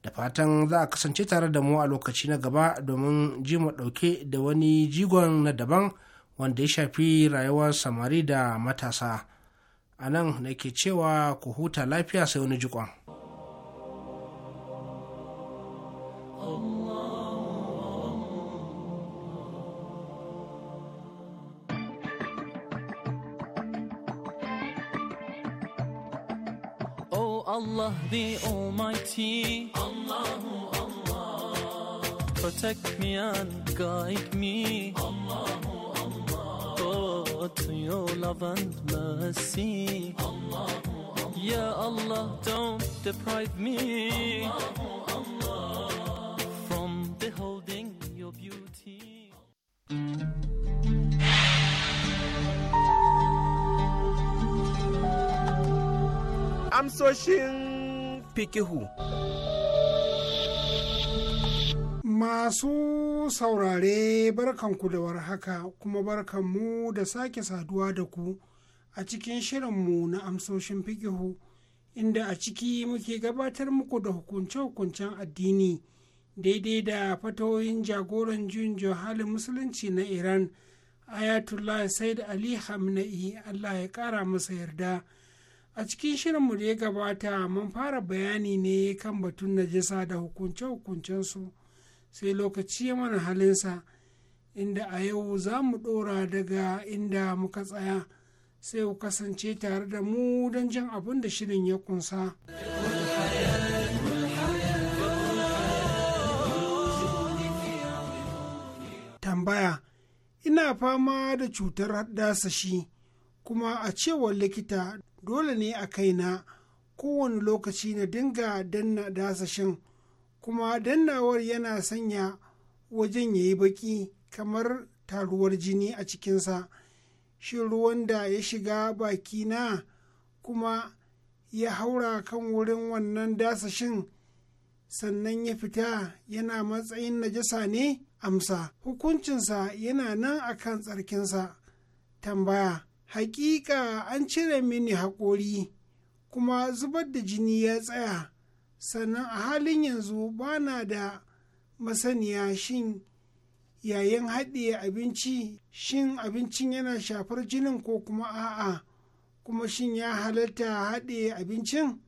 Da fatan za a kasance tare da mu a lokaci na gaba domin ji mu ɗauke da wani jigon na daban wanda ya shafi rayuwar samari da matasa. A nan nake cewa ku huta lafiya sai wani jikon. Allah the Almighty. Allahu Allah. Protect me and guide me. Allahu Allah. Oh, to your love and mercy. Allahu Allah. Yeah, Allah, don't deprive me. Allahu Allah. From beholding your beauty. I'm amsoshin fikihu. Masu saurare barkanku da warhaka kuma barkanmu da sake saduwa da ku a cikin shirinmu na amsoshin fikihu inda a ciki muke gabatar muku da hukunce-hukuncen addini daidai da fatoyin jagoran jin halin musulunci na Iran Ayatollah Said Ali Hamna'i Allah ya kara masa yarda. a cikin shirinmu da ya gabata mun fara bayani ne kan batun najasa da hukunce-hukuncensu sai lokaci ya mana halinsa inda a yau za mu ɗora daga inda muka tsaya sai ku kasance tare da mu don jin abin da shirin ya kunsa. tambaya ina fama da cutar shi. kuma a cewar likita dole ne a kaina kowane lokaci na dinga danna dasashin kuma dannawar yana sanya wajen ya yi baki kamar taruwar jini a cikinsa shin ruwan da ya shiga bakina kuma ya haura kan wurin wannan dasashin sannan ya fita yana matsayin najasa ne amsa hukuncinsa yana nan akan tsarkinsa tambaya hakika an cire mini haƙori kuma zubar da jini ya tsaya sannan a halin yanzu ba na da masaniya shin yayin haɗe abinci shin abincin yana shafar jinin ko kuma a'a kuma shin ya halatta haɗe abincin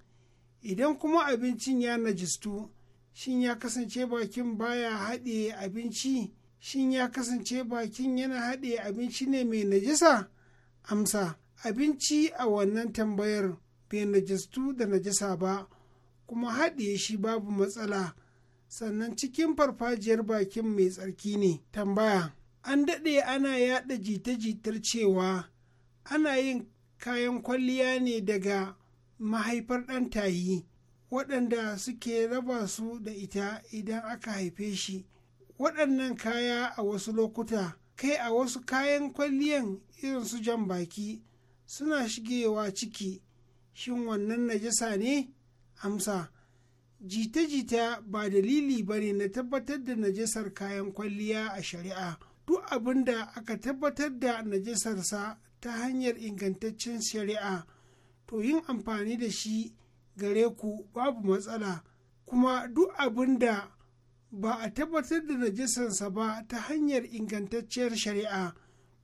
idan kuma abincin ya najistu shin ya kasance bakin baya haɗe abinci shin ya kasance bakin yana haɗe abinci ne mai najisa amsa abinci a wannan tambayar bai najastu da najasa ba kuma haɗiye shi babu matsala sannan cikin farfajiyar bakin mai tsarki ne tambaya an daɗe ana yaɗa jita-jitar cewa ana yin kayan kwalliya ne daga mahaifar ɗan tayi waɗanda suke raba su da ita idan aka haife shi waɗannan kaya a wasu lokuta kai a wasu kayan kwalliyan irin su jan baki suna shigewa ciki shin wannan najasa ne amsa jita-jita ba dalili ba ne na tabbatar da najasar kayan kwalliya a shari'a duk abin da aka tabbatar da najasarsa ta hanyar ingantaccen shari'a to yin amfani da shi gare ku babu matsala kuma duk abin da ba a tabbatar da najasarsa ba ta hanyar ingantacciyar shari'a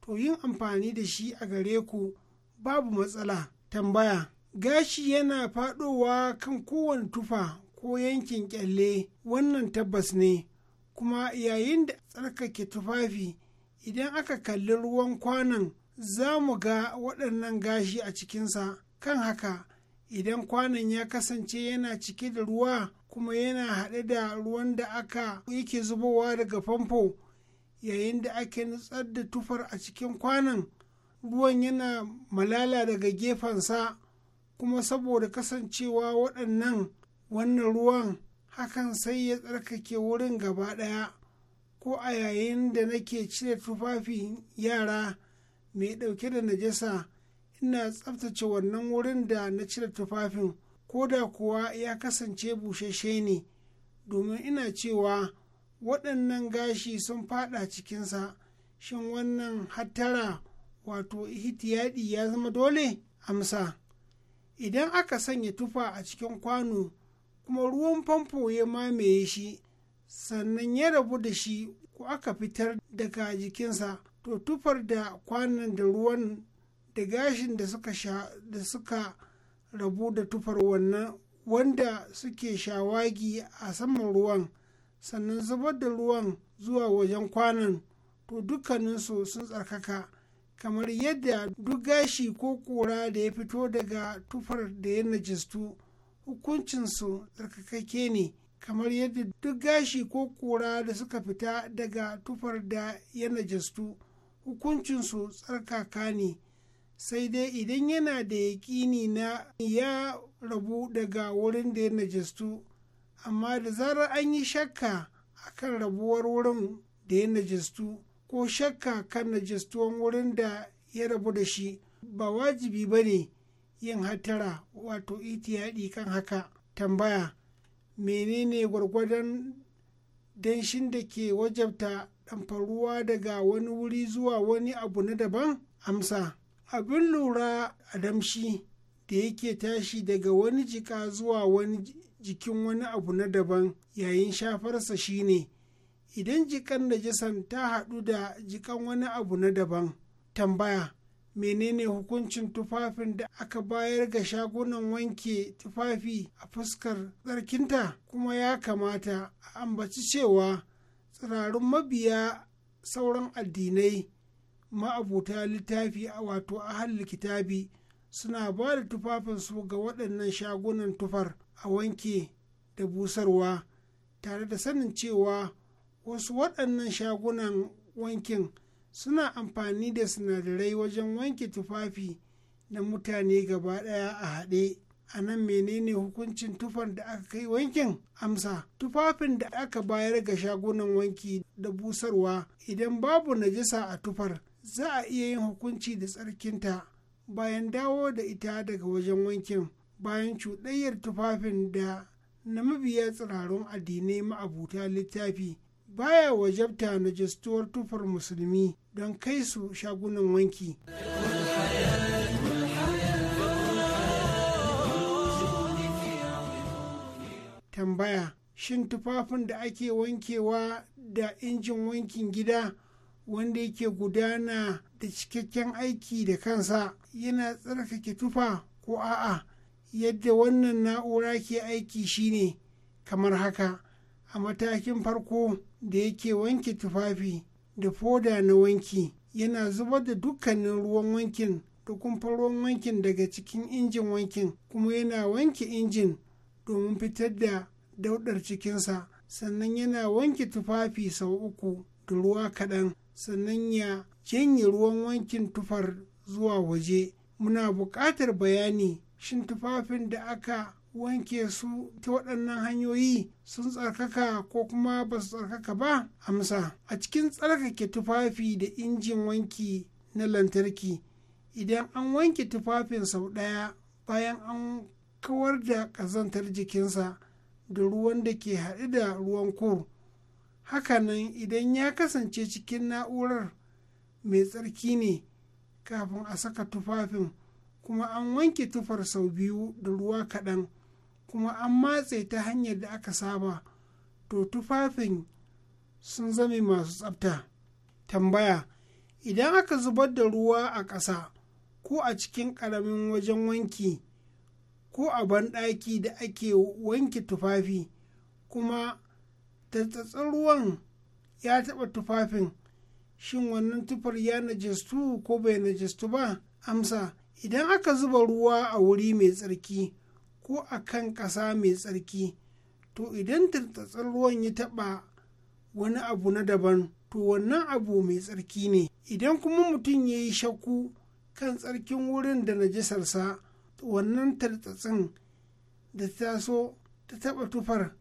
to yin amfani da shi a gare ku babu matsala tambaya gashi yana faɗowa kan kowane tufa ko yankin kyalle wannan tabbas ne kuma yayin da tsarkake tufafi idan aka kalli ruwan kwanan za mu ga waɗannan gashi a cikinsa kan haka idan kwanan ya kasance yana cike da ruwa kuma yana haɗe da ruwan da aka yake zubowa daga famfo yayin da ake nutsar da tufar a cikin kwanan ruwan yana malala daga gefensa kuma saboda kasancewa waɗannan wannan ruwan hakan sai ya tsarkake wurin gaba ɗaya ko a yayin da nake cire tufafin yara mai ɗauke da najasa ina tsaftace wannan wurin da na cire tufafin ko da kuwa ya kasance bushashe ne domin ina cewa waɗannan gashi sun faɗa cikinsa shin wannan hattara wato ihtiyadi ya zama dole amsa idan aka sanya tufa a cikin kwano kuma ruwan famfo ya mamaye shi sannan ya rabu da shi ko aka fitar daga jikinsa to tufar da kwanan da ruwan da gashin da suka sha da suka rabu da tufar wannan wanda suke shawagi a saman ruwan sannan zubar da ruwan zuwa wajen kwanan to dukkaninsu sun tsarkaka kamar yadda duk gashi ko kura da ya fito daga tufar da ya najistu hukuncinsu tsarkakake ne kamar yadda duk gashi ko kura da suka fita daga tufar da ya najistu hukuncinsu tsarkaka ne sai dai idan yana da yaƙini na ya rabu daga wurin da ya najistu amma da zarar an yi shakka akan rabuwar wurin da ya najistu ko shakka kan najistuwan wurin da ya rabu da shi ba wajibi ba ne yin hatara wato itiyaɗi kan haka tambaya menene gwargwadon danshin da ke wajabta ɗamfaruwa daga wani wuri zuwa wani abu na daban amsa abin lura a damshi da yake tashi daga wani jika zuwa wani jikin wani abu na daban yayin shafarsa shine idan jikan najasan ta haɗu da jikan wani abu na daban tambaya menene hukuncin tufafin da aka bayar ga shagunan wanke tufafi a fuskar tsarkinta kuma ya kamata a ambaci cewa tsirarun mabiya sauran addinai ma'abuta littafi wato ahal kitabi suna ba da tufafinsu ga waɗannan shagunan tufar a wanke da busarwa tare da sanin cewa wasu waɗannan shagunan wankin suna amfani da sinadarai wajen wanke tufafi na mutane gaba ɗaya a haɗe a nan menene hukuncin tufar da aka kai wankin amsa tufafin da aka bayar ga shagunan wanki da busarwa idan babu najisa a tufar za a iya yin hukunci da tsarkinta bayan dawo da ita daga wajen wankin bayan cuɗayyar tufafin da na mabiya tsirarun addinai ma'abuta littafi baya wajabta na jistuwar tufar musulmi don kai su shagunan wanki. Tambaya, shin tufafin da ake wankewa da injin wankin gida wanda yake gudana da cikakken aiki da kansa yana tsarkake tufa ko a'a yadda wannan na'ura ke aiki shine kamar haka a matakin farko da yake wanke tufafi da foda na wanki yana zubar da dukkanin ruwan wankin da kumfar ruwan wankin daga cikin injin wankin kuma yana wanke injin domin fitar da daudar cikinsa sannan yana wanke tufafi sau uku da ruwa kaɗan sannan ya janye ruwan wankin tufar zuwa waje muna buƙatar bayani shin tufafin da aka wanke su ta waɗannan hanyoyi sun tsarkaka ko kuma ba su tsarkaka ba amsa a cikin tsarkake tufafi da injin wanki na lantarki idan an wanke tufafin sau ɗaya bayan an kawar da ƙazantar jikinsa da ruwan da ke haɗe da ruwan kur hakanan idan ya kasance cikin na'urar mai tsarki ne kafin a saka tufafin kuma an wanke tufar sau biyu da ruwa kaɗan kuma an matse ta hanyar da aka saba to tufafin sun zame masu tsabta tambaya idan aka zubar da ruwa a ƙasa ko a cikin ƙaramin wajen wanki ko a banɗaki da ake wanke tufafi kuma tattatsar ruwan ya taɓa tufafin shin wannan tufar ya najistu ko bai najistu ba amsa idan aka zuba ruwa a wuri mai tsarki ko a kan ƙasa mai tsarki to idan tattatsar ruwan ya taɓa wani abu na daban to wannan abu mai tsarki ne idan kuma mutum ya yi shakku kan tsarkin wurin da najisarsa wannan tartatsin da ta so ta taɓa tufar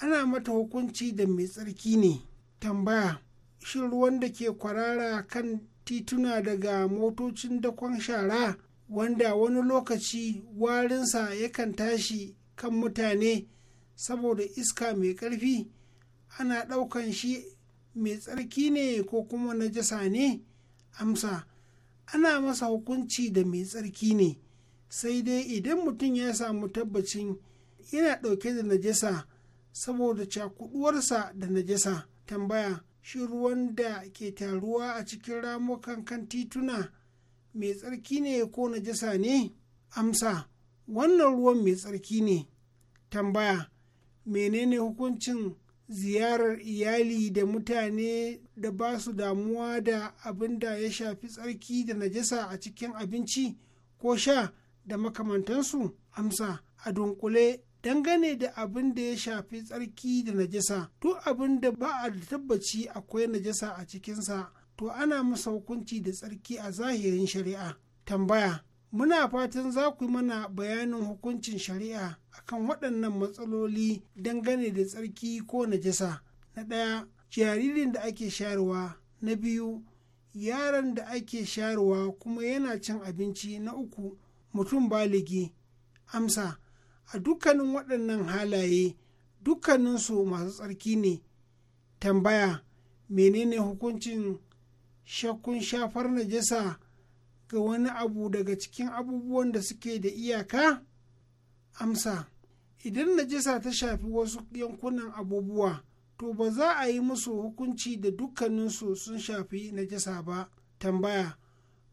ana mata hukunci da mai tsarki ne tambaya shin ruwan da ke kwarara kan tituna daga motocin dakon shara wanda wani lokaci warinsa yakan tashi kan mutane saboda iska mai ƙarfi ana ɗaukan shi mai tsarki ne ko kuma najasa ne amsa ana masa hukunci da mai tsarki ne sai dai idan mutum ya samu tabbacin yana ɗauke da najasa saboda cakuduwarsa da najasa tambaya shi ruwan da ke taruwa a cikin ramukan kan tituna mai tsarki ne ko najasa ne amsa wannan ruwan mai tsarki ne tambaya menene hukuncin ziyarar iyali da mutane da ba su damuwa da abin da ya shafi tsarki da najasa a cikin abinci ko sha da makamantansu amsa a dunkule dangane da abin da ya shafi tsarki da najasa duk abin da ba a tabbaci akwai najasa a cikinsa to ana masa hukunci da tsarki a zahirin shari'a tambaya muna fatan za ku mana bayanin hukuncin shari'a akan waɗannan matsaloli dangane da tsarki ko najasa na ɗaya jaririn da ake sharuwa na biyu yaron da ake sharuwa kuma yana cin abinci na uku mutum baligi amsa a dukkanin waɗannan halaye dukkaninsu masu tsarki ne tambaya menene hukuncin shakkun shafar najasa ga wani abu daga cikin abubuwan da suke da iyaka amsa idan najasa ta shafi wasu yankunan abubuwa to ba za a yi musu hukunci da dukkaninsu sun shafi najasa ba tambaya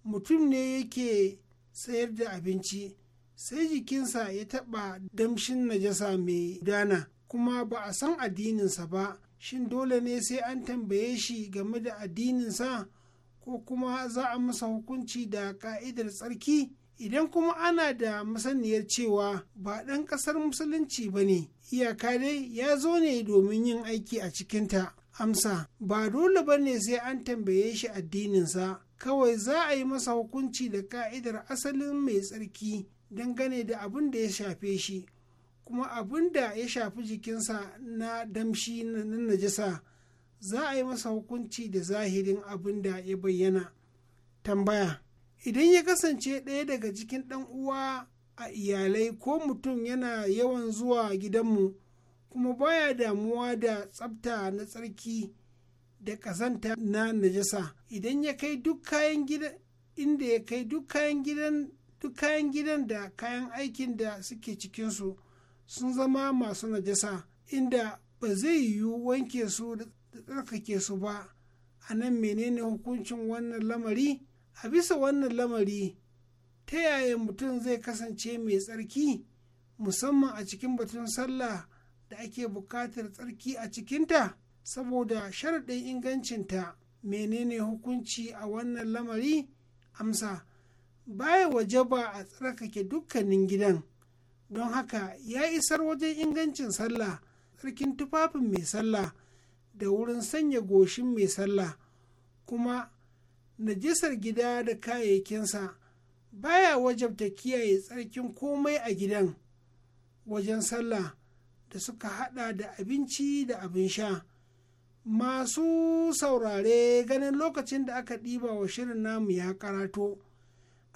mutum ne yake tsayar da abinci sai jikinsa ya taɓa damshin najasa mai dana kuma ba a san addininsa ba shin dole ne sai an tambaye shi game da addininsa ko kuma za a masa hukunci da ka'idar tsarki idan kuma ana da masaniyar cewa ba ɗan ƙasar musulunci ba ne iyaka dai ya zo ne domin yin aiki a cikinta amsa ba dole ba ne sai an tambaye shi addininsa kawai za a yi masa hukunci da ka'idar asalin mai tsarki dangane da abin da ya shafe shi kuma abin da ya shafi jikinsa na damshi na najasa za a yi masa hukunci da zahirin abin da ya bayyana tambaya idan ya kasance ɗaya daga cikin ɗan uwa a iyalai ko mutum yana yawan zuwa gidanmu kuma baya damuwa da tsabta na tsarki da ƙazanta na najasa idan ya kai ya kai duk kayan gidan duk kayan gidan da kayan aikin da suke cikinsu sun zama masu najasa inda ba zai yiwu wanke su da tsarkake su ba a nan menene hukuncin wannan lamari a bisa wannan lamari ta yaya mutum zai kasance mai tsarki musamman a cikin batun sallah da ake buƙatar tsarki a cikinta saboda sharaɗin ingancinta menene hukunci a wannan lamari amsa baya waje ba a tsarkake dukkanin gidan don haka ya isar wajen ingancin sallah tsarkin tufafin mai sallah da wurin sanya goshin mai sallah kuma najisar gida da kayayyakinsa baya wajabta kiyaye tsarkin komai a gidan wajen sallah da suka hada da abinci da abin sha masu saurare ganin lokacin da aka ɗiba wa shirin namu ya karato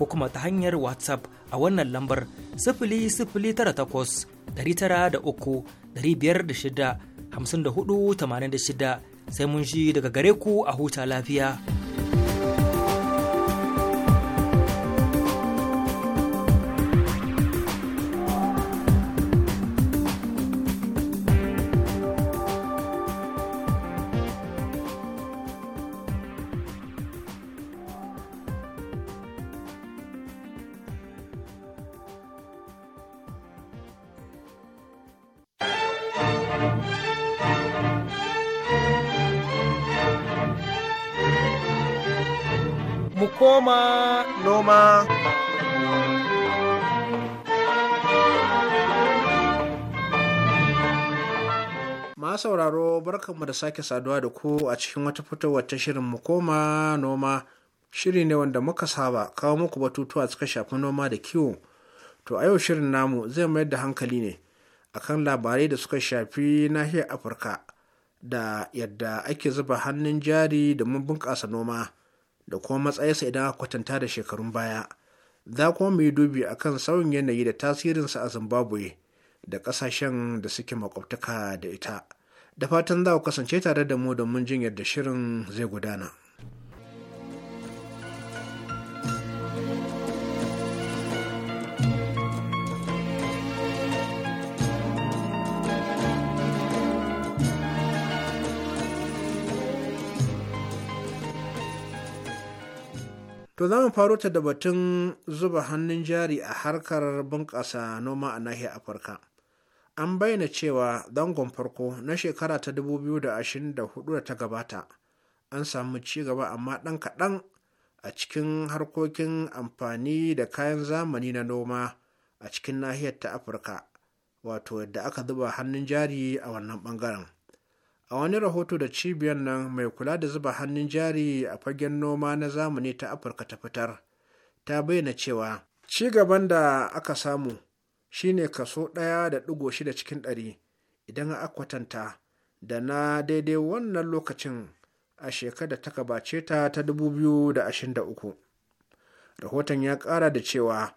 ko kuma ta hanyar WhatsApp a wannan lambar takwas, tara da uku, shida, hamsin da hudu, tamanin da shida, sai mun shi daga gare ku a huta lafiya. noma noma ma sauraro barkanmu da sake saduwa da ku a cikin wata fitowar ta shirin mu koma noma shiri ne wanda muka saba kawo muku batutuwa suka shafi noma da kiwo to a yau shirin namu zai mayar da hankali ne akan labarai da suka shafi nahiyar afirka da yadda ake zuba hannun jari da domin bunƙasa noma da kuma matsayinsa idan aka kwatanta da shekarun baya za kuma mu yi dubi akan kan sauyin yanayi da tasirinsa a zimbabwe da ƙasashen da suke makwabtaka da ita da fatan za ku kasance tare da mu don mun jin yadda shirin zai gudana. To za mu faro ta da batun zuba hannun jari a harkar bunƙasa noma a nahiyar Afirka. An bayyana cewa dangon farko na shekara ta 2024 da ta gabata an samu ci gaba amma ɗan kaɗan a cikin harkokin amfani da kayan zamani na noma a cikin nahiyar ta Afirka, wato yadda aka zuba hannun jari a wannan ɓangaren. a wani rahoto da cibiyar nan mai kula da zuba hannun jari a fagen noma na zamani ta afirka ta fitar ta bayyana cewa ci gaban da aka samu shine kaso ɗaya da ɗigo shida cikin ɗari idan a kwatanta da na daidai wannan lokacin a shekarar ta gabace ta ta 2023 rahoton ya ƙara da cewa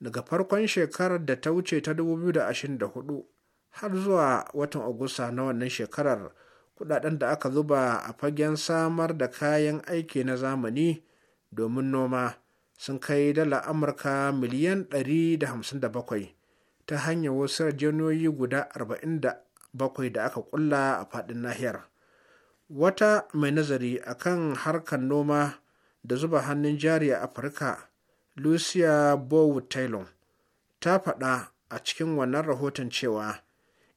daga farkon shekarar da ta wuce ta 2024 har zuwa watan agusta na wannan shekarar kudaden da aka zuba a fagen samar da kayan aiki na zamani domin noma sun kai dala amurka miliyan 157 ta hanyar wasu rajanoyi guda 47 da aka kulla a fadin nahiyar wata mai nazari a kan harkar noma da zuba hannun jari a afirka lucia bowood taylor ta faɗa a cikin wannan rahoton cewa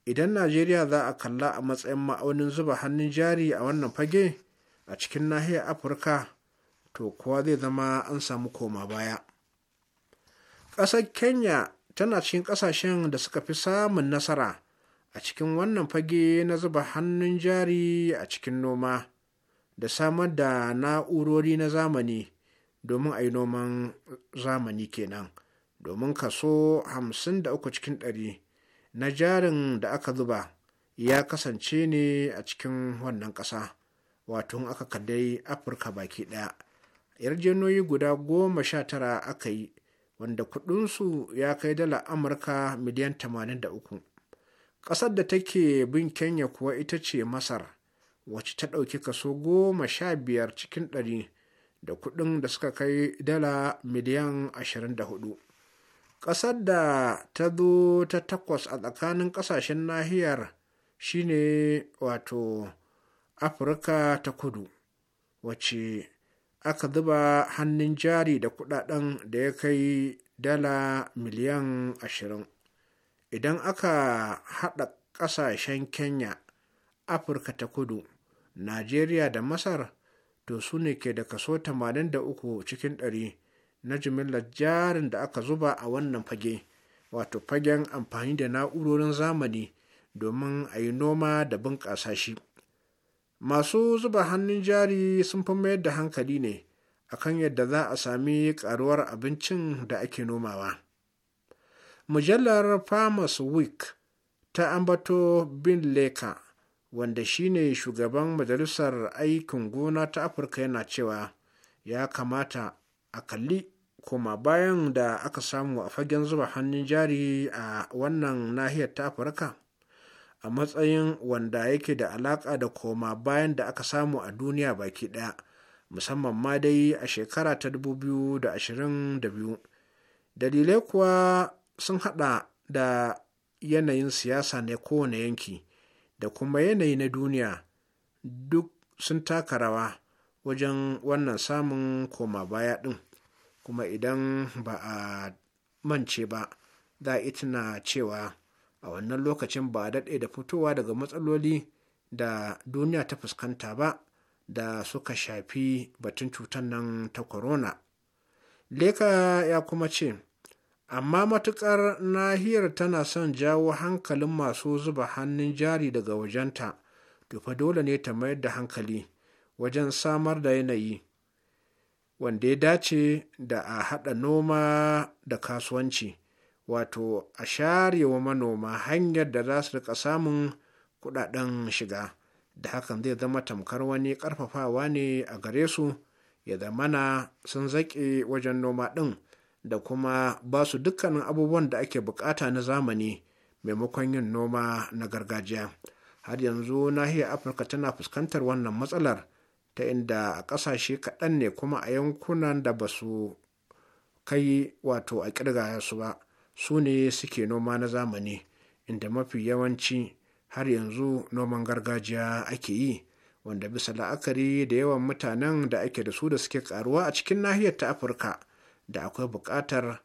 idan najeriya za a kalla a matsayin ma'aunin zuba hannun jari a wannan fage a cikin nahiyar afirka to kuwa zai zama an samu koma baya ƙasar kenya tana cikin ƙasashen da suka fi samun nasara a cikin wannan fage na zuba hannun jari a cikin noma da samar da na'urori na zamani domin a yi noman zamani kenan domin kaso 53 cikin ɗari. na jarin da aka zuba ya kasance ne a cikin wannan ƙasa wato aka kaddai afirka baki ɗaya Yarjenoyi guda goma sha tara aka yi wanda kudinsu ya kai dala amurka miliyan uku. ƙasar da take bin kenya kuwa ita ce masar wacce ta ɗauki kaso goma sha biyar cikin ɗari da kudin da suka kai dala miliyan ashirin da 24 ƙasar da ta zo ta takwas a tsakanin ƙasashen nahiyar shine wato afirka ta kudu wacce aka zuba hannun jari da kudaden da ya kai dala miliyan ashirin idan aka haɗa ƙasashen kenya afirka ta kudu najeriya da masar to su ne ke da kaso 83 cikin ɗari na jimillar jarin da aka zuba a wannan fage wato fagen amfani da na'urorin zamani domin a yi noma da bunƙasa shi masu zuba hannun jari sun fi mayar da hankali ne akan yadda za a sami ƙaruwar abincin da ake nomawa mujallar farmers week ta ambato bin leka wanda shine shugaban majalisar aikin gona ta afirka yana cewa ya kamata a kalli koma bayan da aka samu a fagen zuba hannun jari a wannan nahiyar ta afirka a matsayin wanda yake da alaƙa da koma bayan da aka samu a duniya baki ɗaya musamman ma dai a shekara ta 2022 dalilai kuwa sun haɗa da yanayin siyasa ne kowane yanki da kuma yanayi na duniya duk sun taka rawa wajen wannan samun koma baya ɗin. kuma idan ba a mance ba za a cewa a wannan lokacin ba a daɗe da fitowa daga matsaloli da duniya ta fuskanta ba da suka shafi batun cutar nan ta corona leka ya kuma ce amma matuƙar nahiyar tana son jawo hankalin masu zuba hannun jari daga wajenta to fa dole ne ta mayar da hankali wajen samar da yanayi wanda ya dace da a haɗa noma da kasuwanci wato a share wa manoma hanyar da za su rika samun kuɗaɗen shiga da hakan zai zama tamkar wani ƙarfafawa ne a gare su ya zamana sun zaƙe wajen noma ɗin da kuma ba su dukkanin abubuwan da ake bukata na zamani maimakon yin noma na gargajiya har yanzu nahiyar afirka tana fuskantar wannan matsalar ta inda a ƙasashe kaɗan ne kuma a yankunan da ba su kai wato a ƙirga su ba su ne suke noma na zamani inda mafi yawanci har yanzu noman gargajiya ake yi wanda bisa la'akari da yawan mutanen da ake da su da suke karuwa a cikin nahiyar ta afirka da akwai buƙatar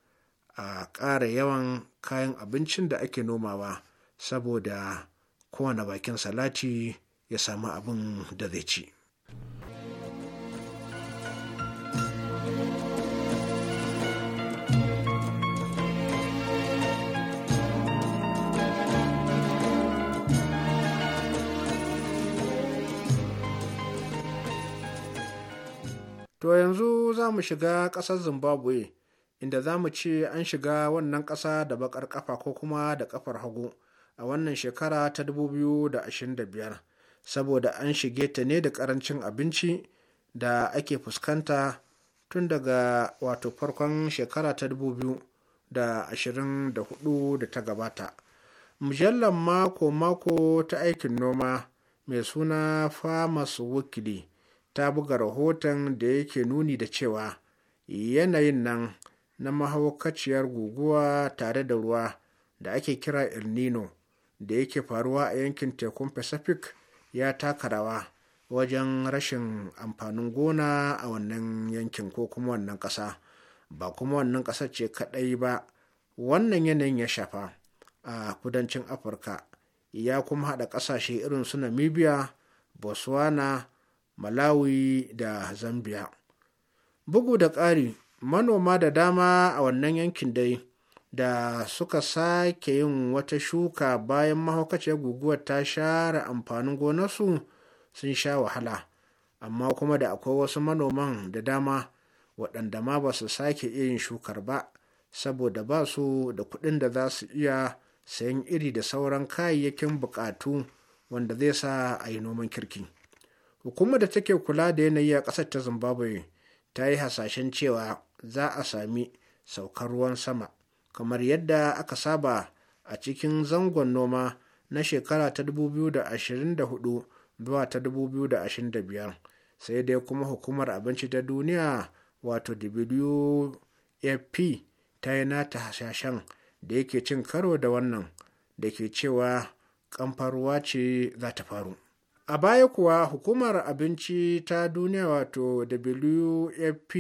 a ƙara yawan kayan abincin da ake nomawa saboda kowane bakin salati ya samu abin da zai ci. To yanzu za mu shiga ƙasar Zimbabwe, inda za mu ce an shiga wannan ƙasa da baƙar ƙafa ko kuma da ƙafar hagu a wannan shekara ta 2025, saboda an shige ta ne da ƙarancin abinci da ake fuskanta tun daga wato farkon shekara ta 2024 da ta gabata. Mujallar mako-mako ta aikin noma mai suna Farmers Weekly. ta buga rahoton da yake nuni da cewa yanayin nan na mahaukaciyar guguwa tare da ruwa da ake kira el nino da yake faruwa a yankin tekun pacific ya taka rawa wajen rashin amfanin gona a wannan yankin ko kuma wannan ƙasa ba kuma wannan ƙasa ce kaɗai ba wannan yanayin ya shafa a kudancin afirka ya kuma haɗa ƙasashe irin su namibia botswana malawi da zambia bugu da ƙari manoma da dama a wannan yankin dai da suka sake yin wata shuka bayan mahaukaciyar guguwar ta share amfanin gonarsu sun sha wahala amma kuma da akwai wasu manoman da dama waɗanda ma ba su sake yin shukar ba saboda ba su da kuɗin da za su iya sayan iri da sauran kayayyakin buƙatu wanda zai sa a yi noman kirki. hukumar da take kula da yanayi a ƙasar ta zimbabwe ta yi hasashen cewa za a sami saukar ruwan sama kamar yadda aka saba a cikin zangon noma na shekara ta 2024 zuwa ta 2025 sai dai kuma hukumar abinci ta duniya wato wfp ta yi nata hasashen da yake cin karo da wannan da ke cewa kamfarwa ce za ta faru a baya kuwa hukumar abinci ta duniya wato wfp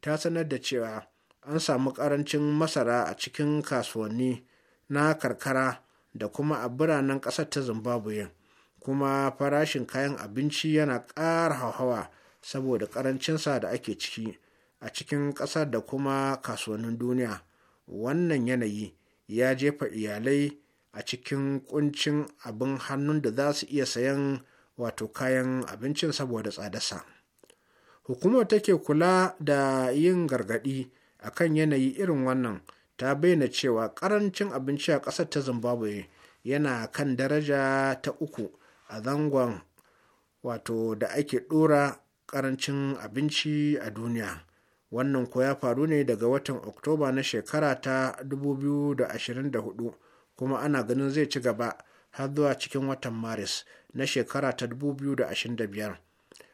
ta sanar da cewa an samu ƙarancin masara a cikin kasuwanni na karkara da kuma a biranen ƙasar ta zimbabwe kuma farashin kayan abinci yana ƙara hauhawa saboda ƙarancinsa da ake ciki a cikin ƙasar da kuma kasuwannin duniya wannan yanayi ya jefa iyalai a cikin kuncin abin hannun da za su iya sayan wato kayan abincin saboda tsadarsa hukumar take kula da yin gargaɗi kan yanayi irin wannan ta bayyana cewa ƙarancin abinci a ƙasar ta zimbabwe yana kan daraja ta uku a zangon wato da ake ɗora ƙarancin abinci a duniya wannan ko ya faru ne daga watan oktoba na shekara ta 2024 kuma ana ganin zai ci gaba har zuwa cikin watan maris na shekara ta 2025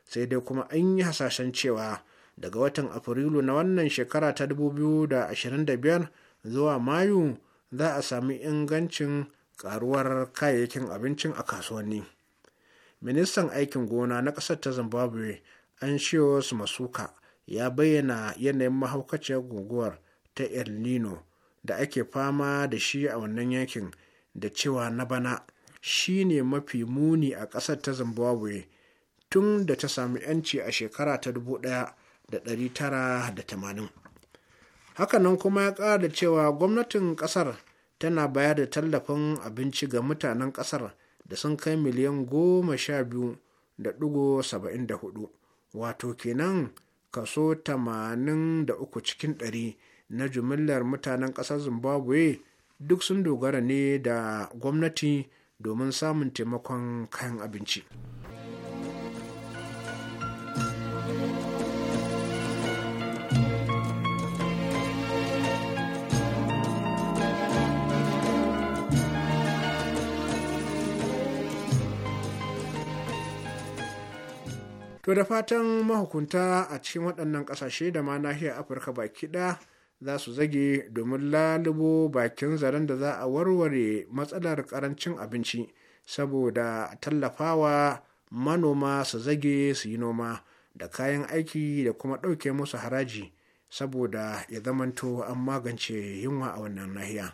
sai dai kuma an yi hasashen cewa daga watan afrilu na wannan shekara ta 2025 zuwa mayu za a sami ingancin karuwar kayayyakin abincin a kasuwanni ministan aikin gona na ƙasar ta zimbabwe an su masuka ya bayyana yanayin mahaukaciyar guguwar ta el nino da ake fama da shi a wannan yankin da cewa na bana shi ne mafi muni a ƙasar ta zimbabwe tun da ta sami 'yanci a shekara ta 1980 hakanan kuma ya ƙara cewa gwamnatin ƙasar tana bayar da tallafin abinci ga mutanen ƙasar da sun kai miliyan goma sha biyu da hudu wato kenan kaso tamanin da uku cikin ɗari na jumillar mutanen ƙasar zimbabwe duk sun dogara ne da gwamnati domin samun taimakon kayan abinci. To da fatan mahukunta a cikin waɗannan ƙasashe da ma nahiyar Afirka baki ɗaya za su zage domin lalubo bakin zaren da za a warware matsalar karancin abinci saboda tallafawa manoma su zage su yi noma da kayan aiki da kuma ɗauke musu haraji saboda ya zamanto an magance yunwa a wannan nahiya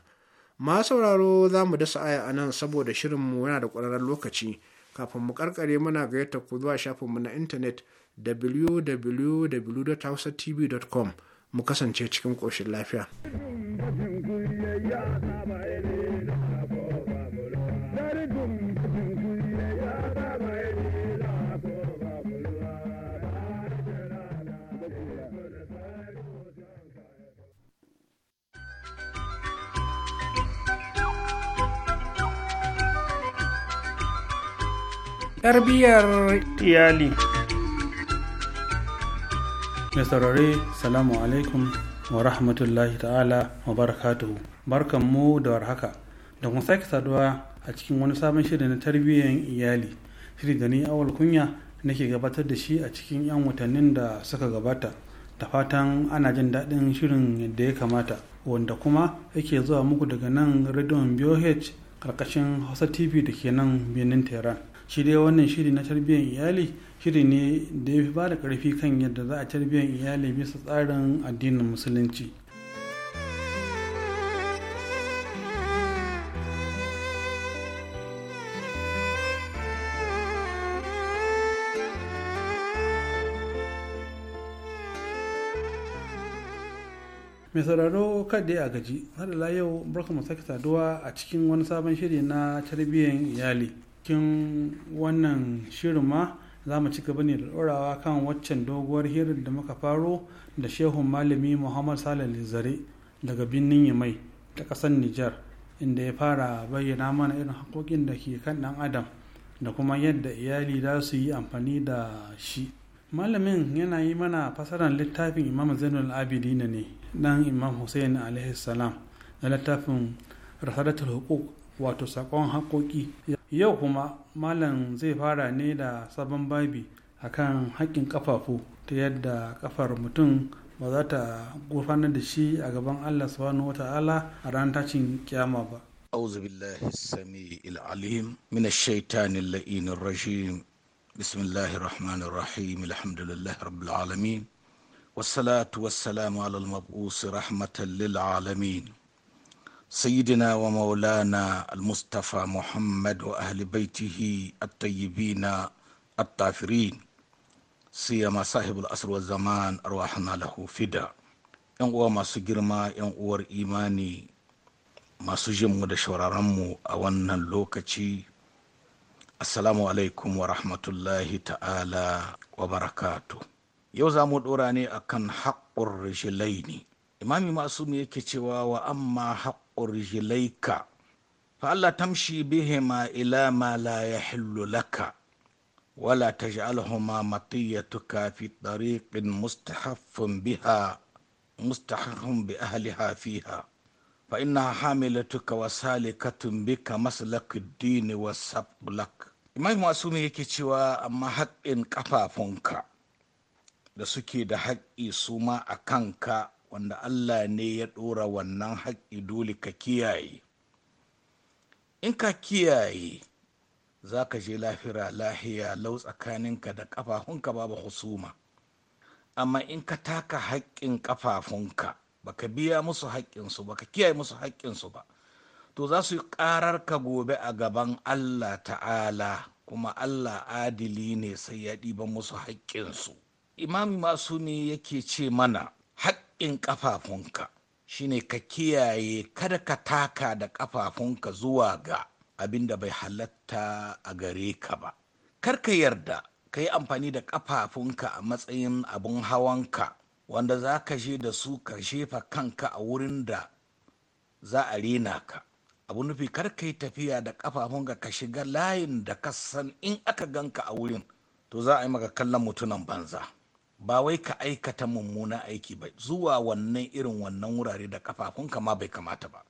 ma sauraro za mu dasa aya a nan saboda shirinmu yana da ƙwararren lokaci kafin mu karkare muna gayyata ku zuwa shafinmu na intanet www.hausatv.com mu kasance cikin ƙoshin lafiya. tarbiyyar iyali. mai saurare salamu alaikum wa rahmatullahi ta'ala wa barakatuhu barkan mu da warhaka da kuma sake saduwa a cikin wani sabon shiri na tarbiyyar iyali shiri da ni awal kunya nake gabatar da shi a cikin 'yan watannin da suka gabata da fatan ana jin daɗin shirin da ya kamata wanda kuma yake zuwa muku daga nan rediyon BOH karkashin Hausa TV da ke nan birnin Tehran shi dai wannan shiri na tarbiyyar iyali shiri ne da ya fi ba da ƙarfi kan yadda za a tarbiyyar iyali bisa tsarin addinin musulunci mai sauraro kada a gaji hadala yau barka mu sake saduwa a cikin wani sabon shiri na tarbiyyar iyali cikin wannan shirin ma za mu ci gaba ne da ɗorawa kan waccan doguwar hirar da muka faro da shehun malami muhammad salih zare daga birnin yamai ta ƙasar nijar inda ya fara bayyana mana irin haƙoƙin da ke kan ɗan adam da kuma yadda iyali za su yi amfani da shi malamin yana yi mana fasarar littafin imam zainul abidin ne dan imam hussein alaihi salam na littafin rasadatul hukuk wato sakon haƙoƙi yau kuma malam zai fara ne da sabon babi akan haƙƙin ƙafafu ta yadda ƙafar mutum ba za ta gurfanar da shi a gaban allah subhanahu ta'ala a ranar tacin kiyama ba أعوذ بالله السميع العليم من الشيطان اللئين الرجيم بسم الله الرحمن الرحيم الحمد لله رب العالمين والصلاة والسلام على المبعوث رحمة للعالمين wa سيدنا ومولانا wa ahli وأهل بيته الطيبين الطافرين siya masahibul الأسر والزمان أرواحنا له فدا ‘yan uwa masu girma ‘yan uwar imani masu jin mu da mu a wannan lokaci Asalamu alaikum wa rahmatullahi ta'ala wa barakatu yau za mu ɗora ne akan haƙƙun rijilai ne imami masu yake cewa wa amma haƙƙun urhilaika fa tamshi bihima ila ma la yahillu laka wala taj'alhuma matiyatuka fi tariqin mustahaffun biha mustahaffun bi ahliha fiha fa innaha hamilatuka wa salikatun bika maslaki ad-din wa sablak imam masumi yake cewa amma haƙƙin ƙafafunka da suke da haƙƙi suma ma a kanka wanda Allah ne ya ɗora wannan haƙƙi dole ka kiyaye in ka kiyaye za ka je lafira lahiya lau tsakaninka da ƙafafunka babu husuma amma in ka taka haƙƙin ƙafafunka ba ka biya musu haƙƙinsu ba ka kiyaye musu haƙƙinsu ba to za su yi ƙarar ka gobe a gaban Allah ta'ala kuma Allah adili ne sai ya ɗiban musu haƙƙinsu imami masumi yake ce mana 'in ƙafafunka shine ka kiyaye kada ka taka da ƙafafunka zuwa ga abin da bai halatta a gare ka ba kar ka yarda ka yi amfani da ƙafafunka a matsayin abin hawanka wanda za ka je da su ka shefa kanka a wurin da za a rena ka abu nufi kar ka yi tafiya da ƙafafunka ka shiga layin da ka san in aka ganka a wurin to za a yi maka kallon mutunan banza ba wai ka aikata mummunan aiki ba zuwa wannan irin wannan wurare da kafafunka ma bai kamata ba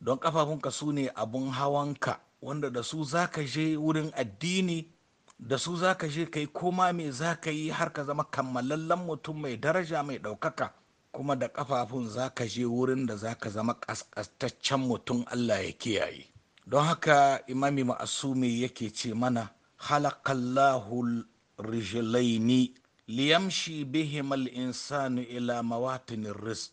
don kafafunka su ne abun hawan ka wanda da su za ka je wurin addini da su za ka je ka yi koma me za ka yi har ka zama kammalallen mutum mai daraja mai ɗaukaka kuma da kafafun za ka je wurin da za ka zama ƙasƙantaccen mutum allah ya kiyaye don haka imami ma'asumi yake ce mana halakallahu rijilaini liyamshi bihim al-insanu ila mawatinin rizq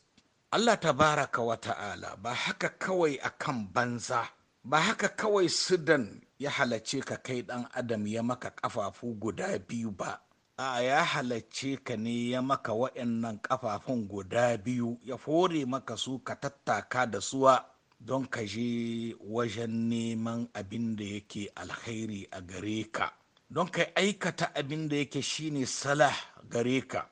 Allah Ta baraka wa ta'ala ba haka kawai akan banza ba haka kawai sidan ya halace ka kai ɗan adam ya maka kafafu guda biyu ba a ya halace ka ne ya maka waɗannan kafafun guda biyu ya fore maka su ka tattaka da suwa don ka je wajen neman abin da yake alkhairi a gare ka don ka aikata abin da yake shine salah gare ka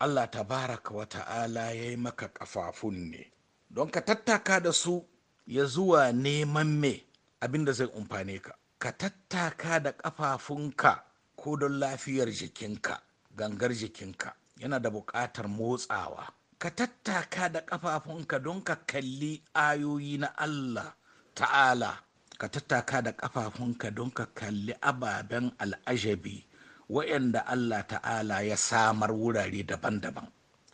allah tabaraka wa ta'ala ya yi maka kafafun ne don ka tattaka da su ya zuwa neman me abin da zai umfane ka ka tattaka da kafafunka ko don lafiyar jikinka gangar jikinka yana da buƙatar motsawa ka tattaka da ƙafafunka don ka kalli ayoyi na Allah ta'ala ka tattaka da ƙafafunka don ka kalli ababen al'ajabi wa'yanda Allah ta'ala ya samar wurare daban-daban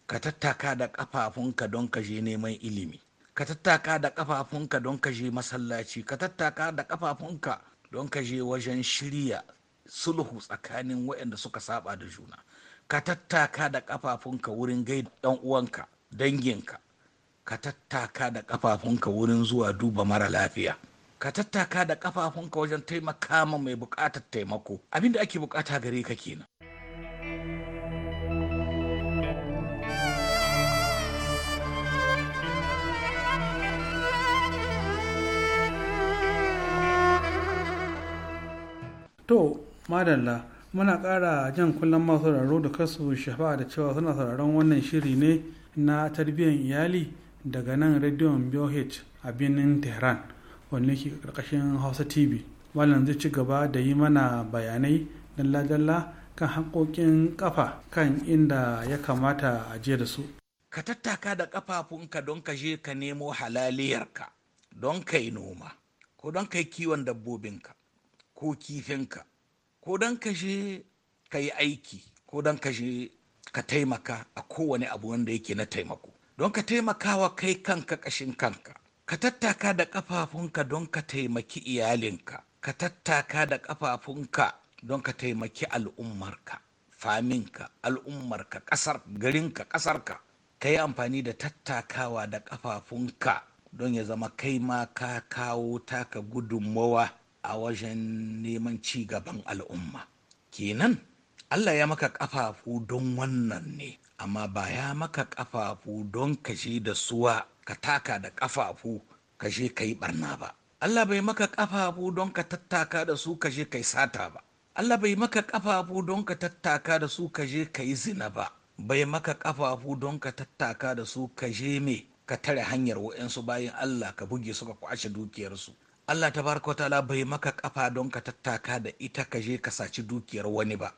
ka tattaka da ƙafafunka don ka je neman ilimi ka tattaka da ƙafafunka don ka je masallaci ka tattaka da ƙafafunka don ka je wajen shirya sulhu tsakanin waɗanda suka saba da juna ka tattaka da ƙafafunka wurin gai ɗan uwanka danginka ka tattaka da ƙafafunka wurin zuwa duba mara lafiya ka tattaka da kafafunka wajen taimaka ma mai bukatar taimako abinda ake buƙata gare ka kenan To, madalla muna ƙara jan kullum masu raro da kasu shafa da cewa suna sauraron wannan shiri ne na tarbiyyar iyali daga nan rediyon biohit a birnin Tehran. wanda ke karkashin hausa tv wannan zai ci gaba da yi mana bayanai dalla-dalla kan hankokin kafa kan inda ya kamata a je da su ka tattaka da kafafunka don ka je ka nemo halaliyarka don ka yi noma ko don ka yi kiwon dabbobinka ko kifinka ko don ka je ka yi aiki ko don ka je ka taimaka a kowane abu wanda yake na taimako don ka taimaka wa kai kanka kashin kanka ka tattaka da ƙafafunka don ka taimaki iyalinka ka tattaka da ƙafafunka don ka taimaki al'ummarka faminka al'ummarka ƙasar garinka ƙasarka ka yi amfani da tattakawa da ƙafafunka don ya zama kai ma ka kawo taka gudunmawa a wajen neman ci gaban al'umma kenan allah ya maka ƙafafu don wannan ne amma ba ya maka ƙafafu don ka da suwa ka taka da ƙafafu ka je ka yi ɓarna ba Allah bai maka ƙafafu don ka tattaka da su ka je ka yi sata ba Allah bai maka ƙafafu don ka tattaka da su ka je ka yi zina ba bai maka ƙafafu don ka tattaka da su ka je me ka tare hanyar wa'insu bayan Allah ka buge su ka kwashe dukiyarsu Allah ta baraka ta'ala bai maka kafa don ka tattaka da ita ka je ka saci dukiyar wani ba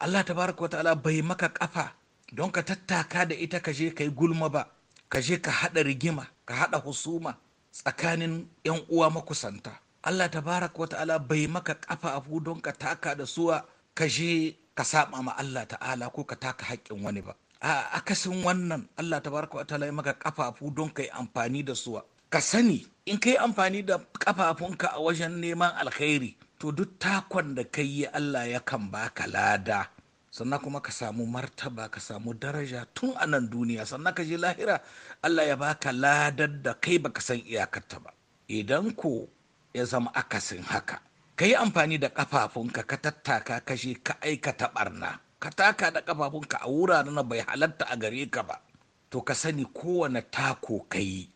Allah ta baraka ta'ala bai maka kafa don ka tattaka da ita ka je ka yi gulma ba ka je ka haɗa rigima ka haɗa husuma tsakanin 'yan uwa makusanta Allah tabaraka wa ta'ala bai maka kafa abu don ka taka da suwa ka je ka saba ma Allah ta'ala ko ka taka haƙƙin wani ba a akasin wannan Allah tabaraka wa ta'ala ya maka kafafu don ka yi amfani da suwa ka sani in ka yi amfani da kafafunka a wajen neman alkhairi to duk takon da ka yi Allah ya kan baka lada sannan kuma ka samu martaba ka samu daraja tun a nan duniya sannan ka je lahira Allah ya baka ladar da kai baka san iyakarta ba idan ko ya zama akasin haka ka yi amfani da kafafunka ka tattaka ka je ka aikata barna ka taka da kafafunka a wuraren bai halatta a gare ka ba to ka sani kowane tako ka yi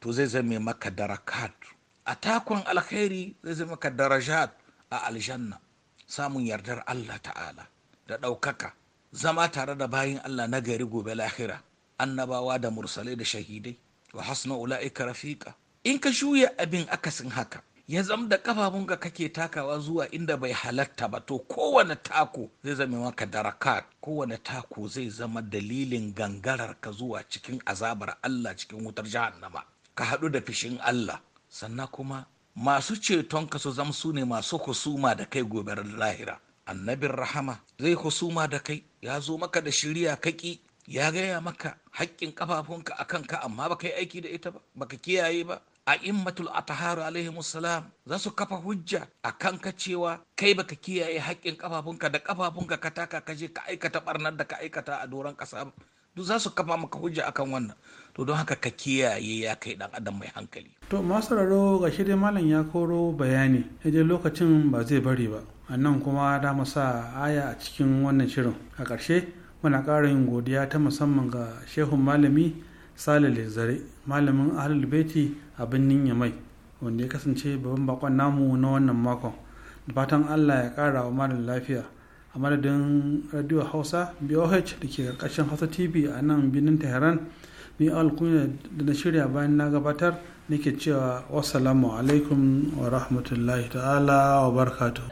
to zai zame maka darakat a takon alkhairi zai zame maka darajat a aljanna samun yardar Allah ta'ala da ɗaukaka zama tare da bayin Allah na gari gobe lahira annabawa da mursalai da shahidai wa hasna ula'ika rafiqa in ka shuya abin akasin haka ya zama da ƙafafunka kake takawa zuwa inda bai halatta ba to kowane tako zai zama maka daraka kowane tako zai zama dalilin gangarar ka zuwa cikin azabar Allah cikin wutar jahannama ka haɗu da fishin Allah sannan kuma masu ceton ka su zama su ne masu husuma da kai gobe lahira annabin rahama zai husuma da kai ya zo maka da shirya kaki ya gaya maka haƙƙin ƙafafunka a kanka amma baka yi aiki da ita ba baka kiyaye ba a immatul ataharu alaihi salam za su kafa hujja a kanka cewa kai baka kiyaye haƙƙin ƙafafunka da ƙafafunka ka taka kaje ka aikata barnar da ka aikata a doron ƙasa duk za su kafa maka hujja akan wannan to don haka ka kiyaye ya kai dan adam mai hankali to masu raro ga shi malam ya koro bayani dai lokacin ba zai bari ba a nan kuma da sa aya a cikin wannan shirin a ƙarshe muna ƙara yin godiya ta musamman ga shehun malami salih zare malamin ahlul beti a birnin yamai wanda ya kasance babban bakon namu na wannan makon da fatan allah ya ƙara wa malam lafiya a madadin radio hausa boh da ke ƙarƙashin hausa tv a nan birnin tehran ni alkunya da na shirya bayan na gabatar nake cewa wasu alaikum wa rahmatullahi ta'ala wa barkatu.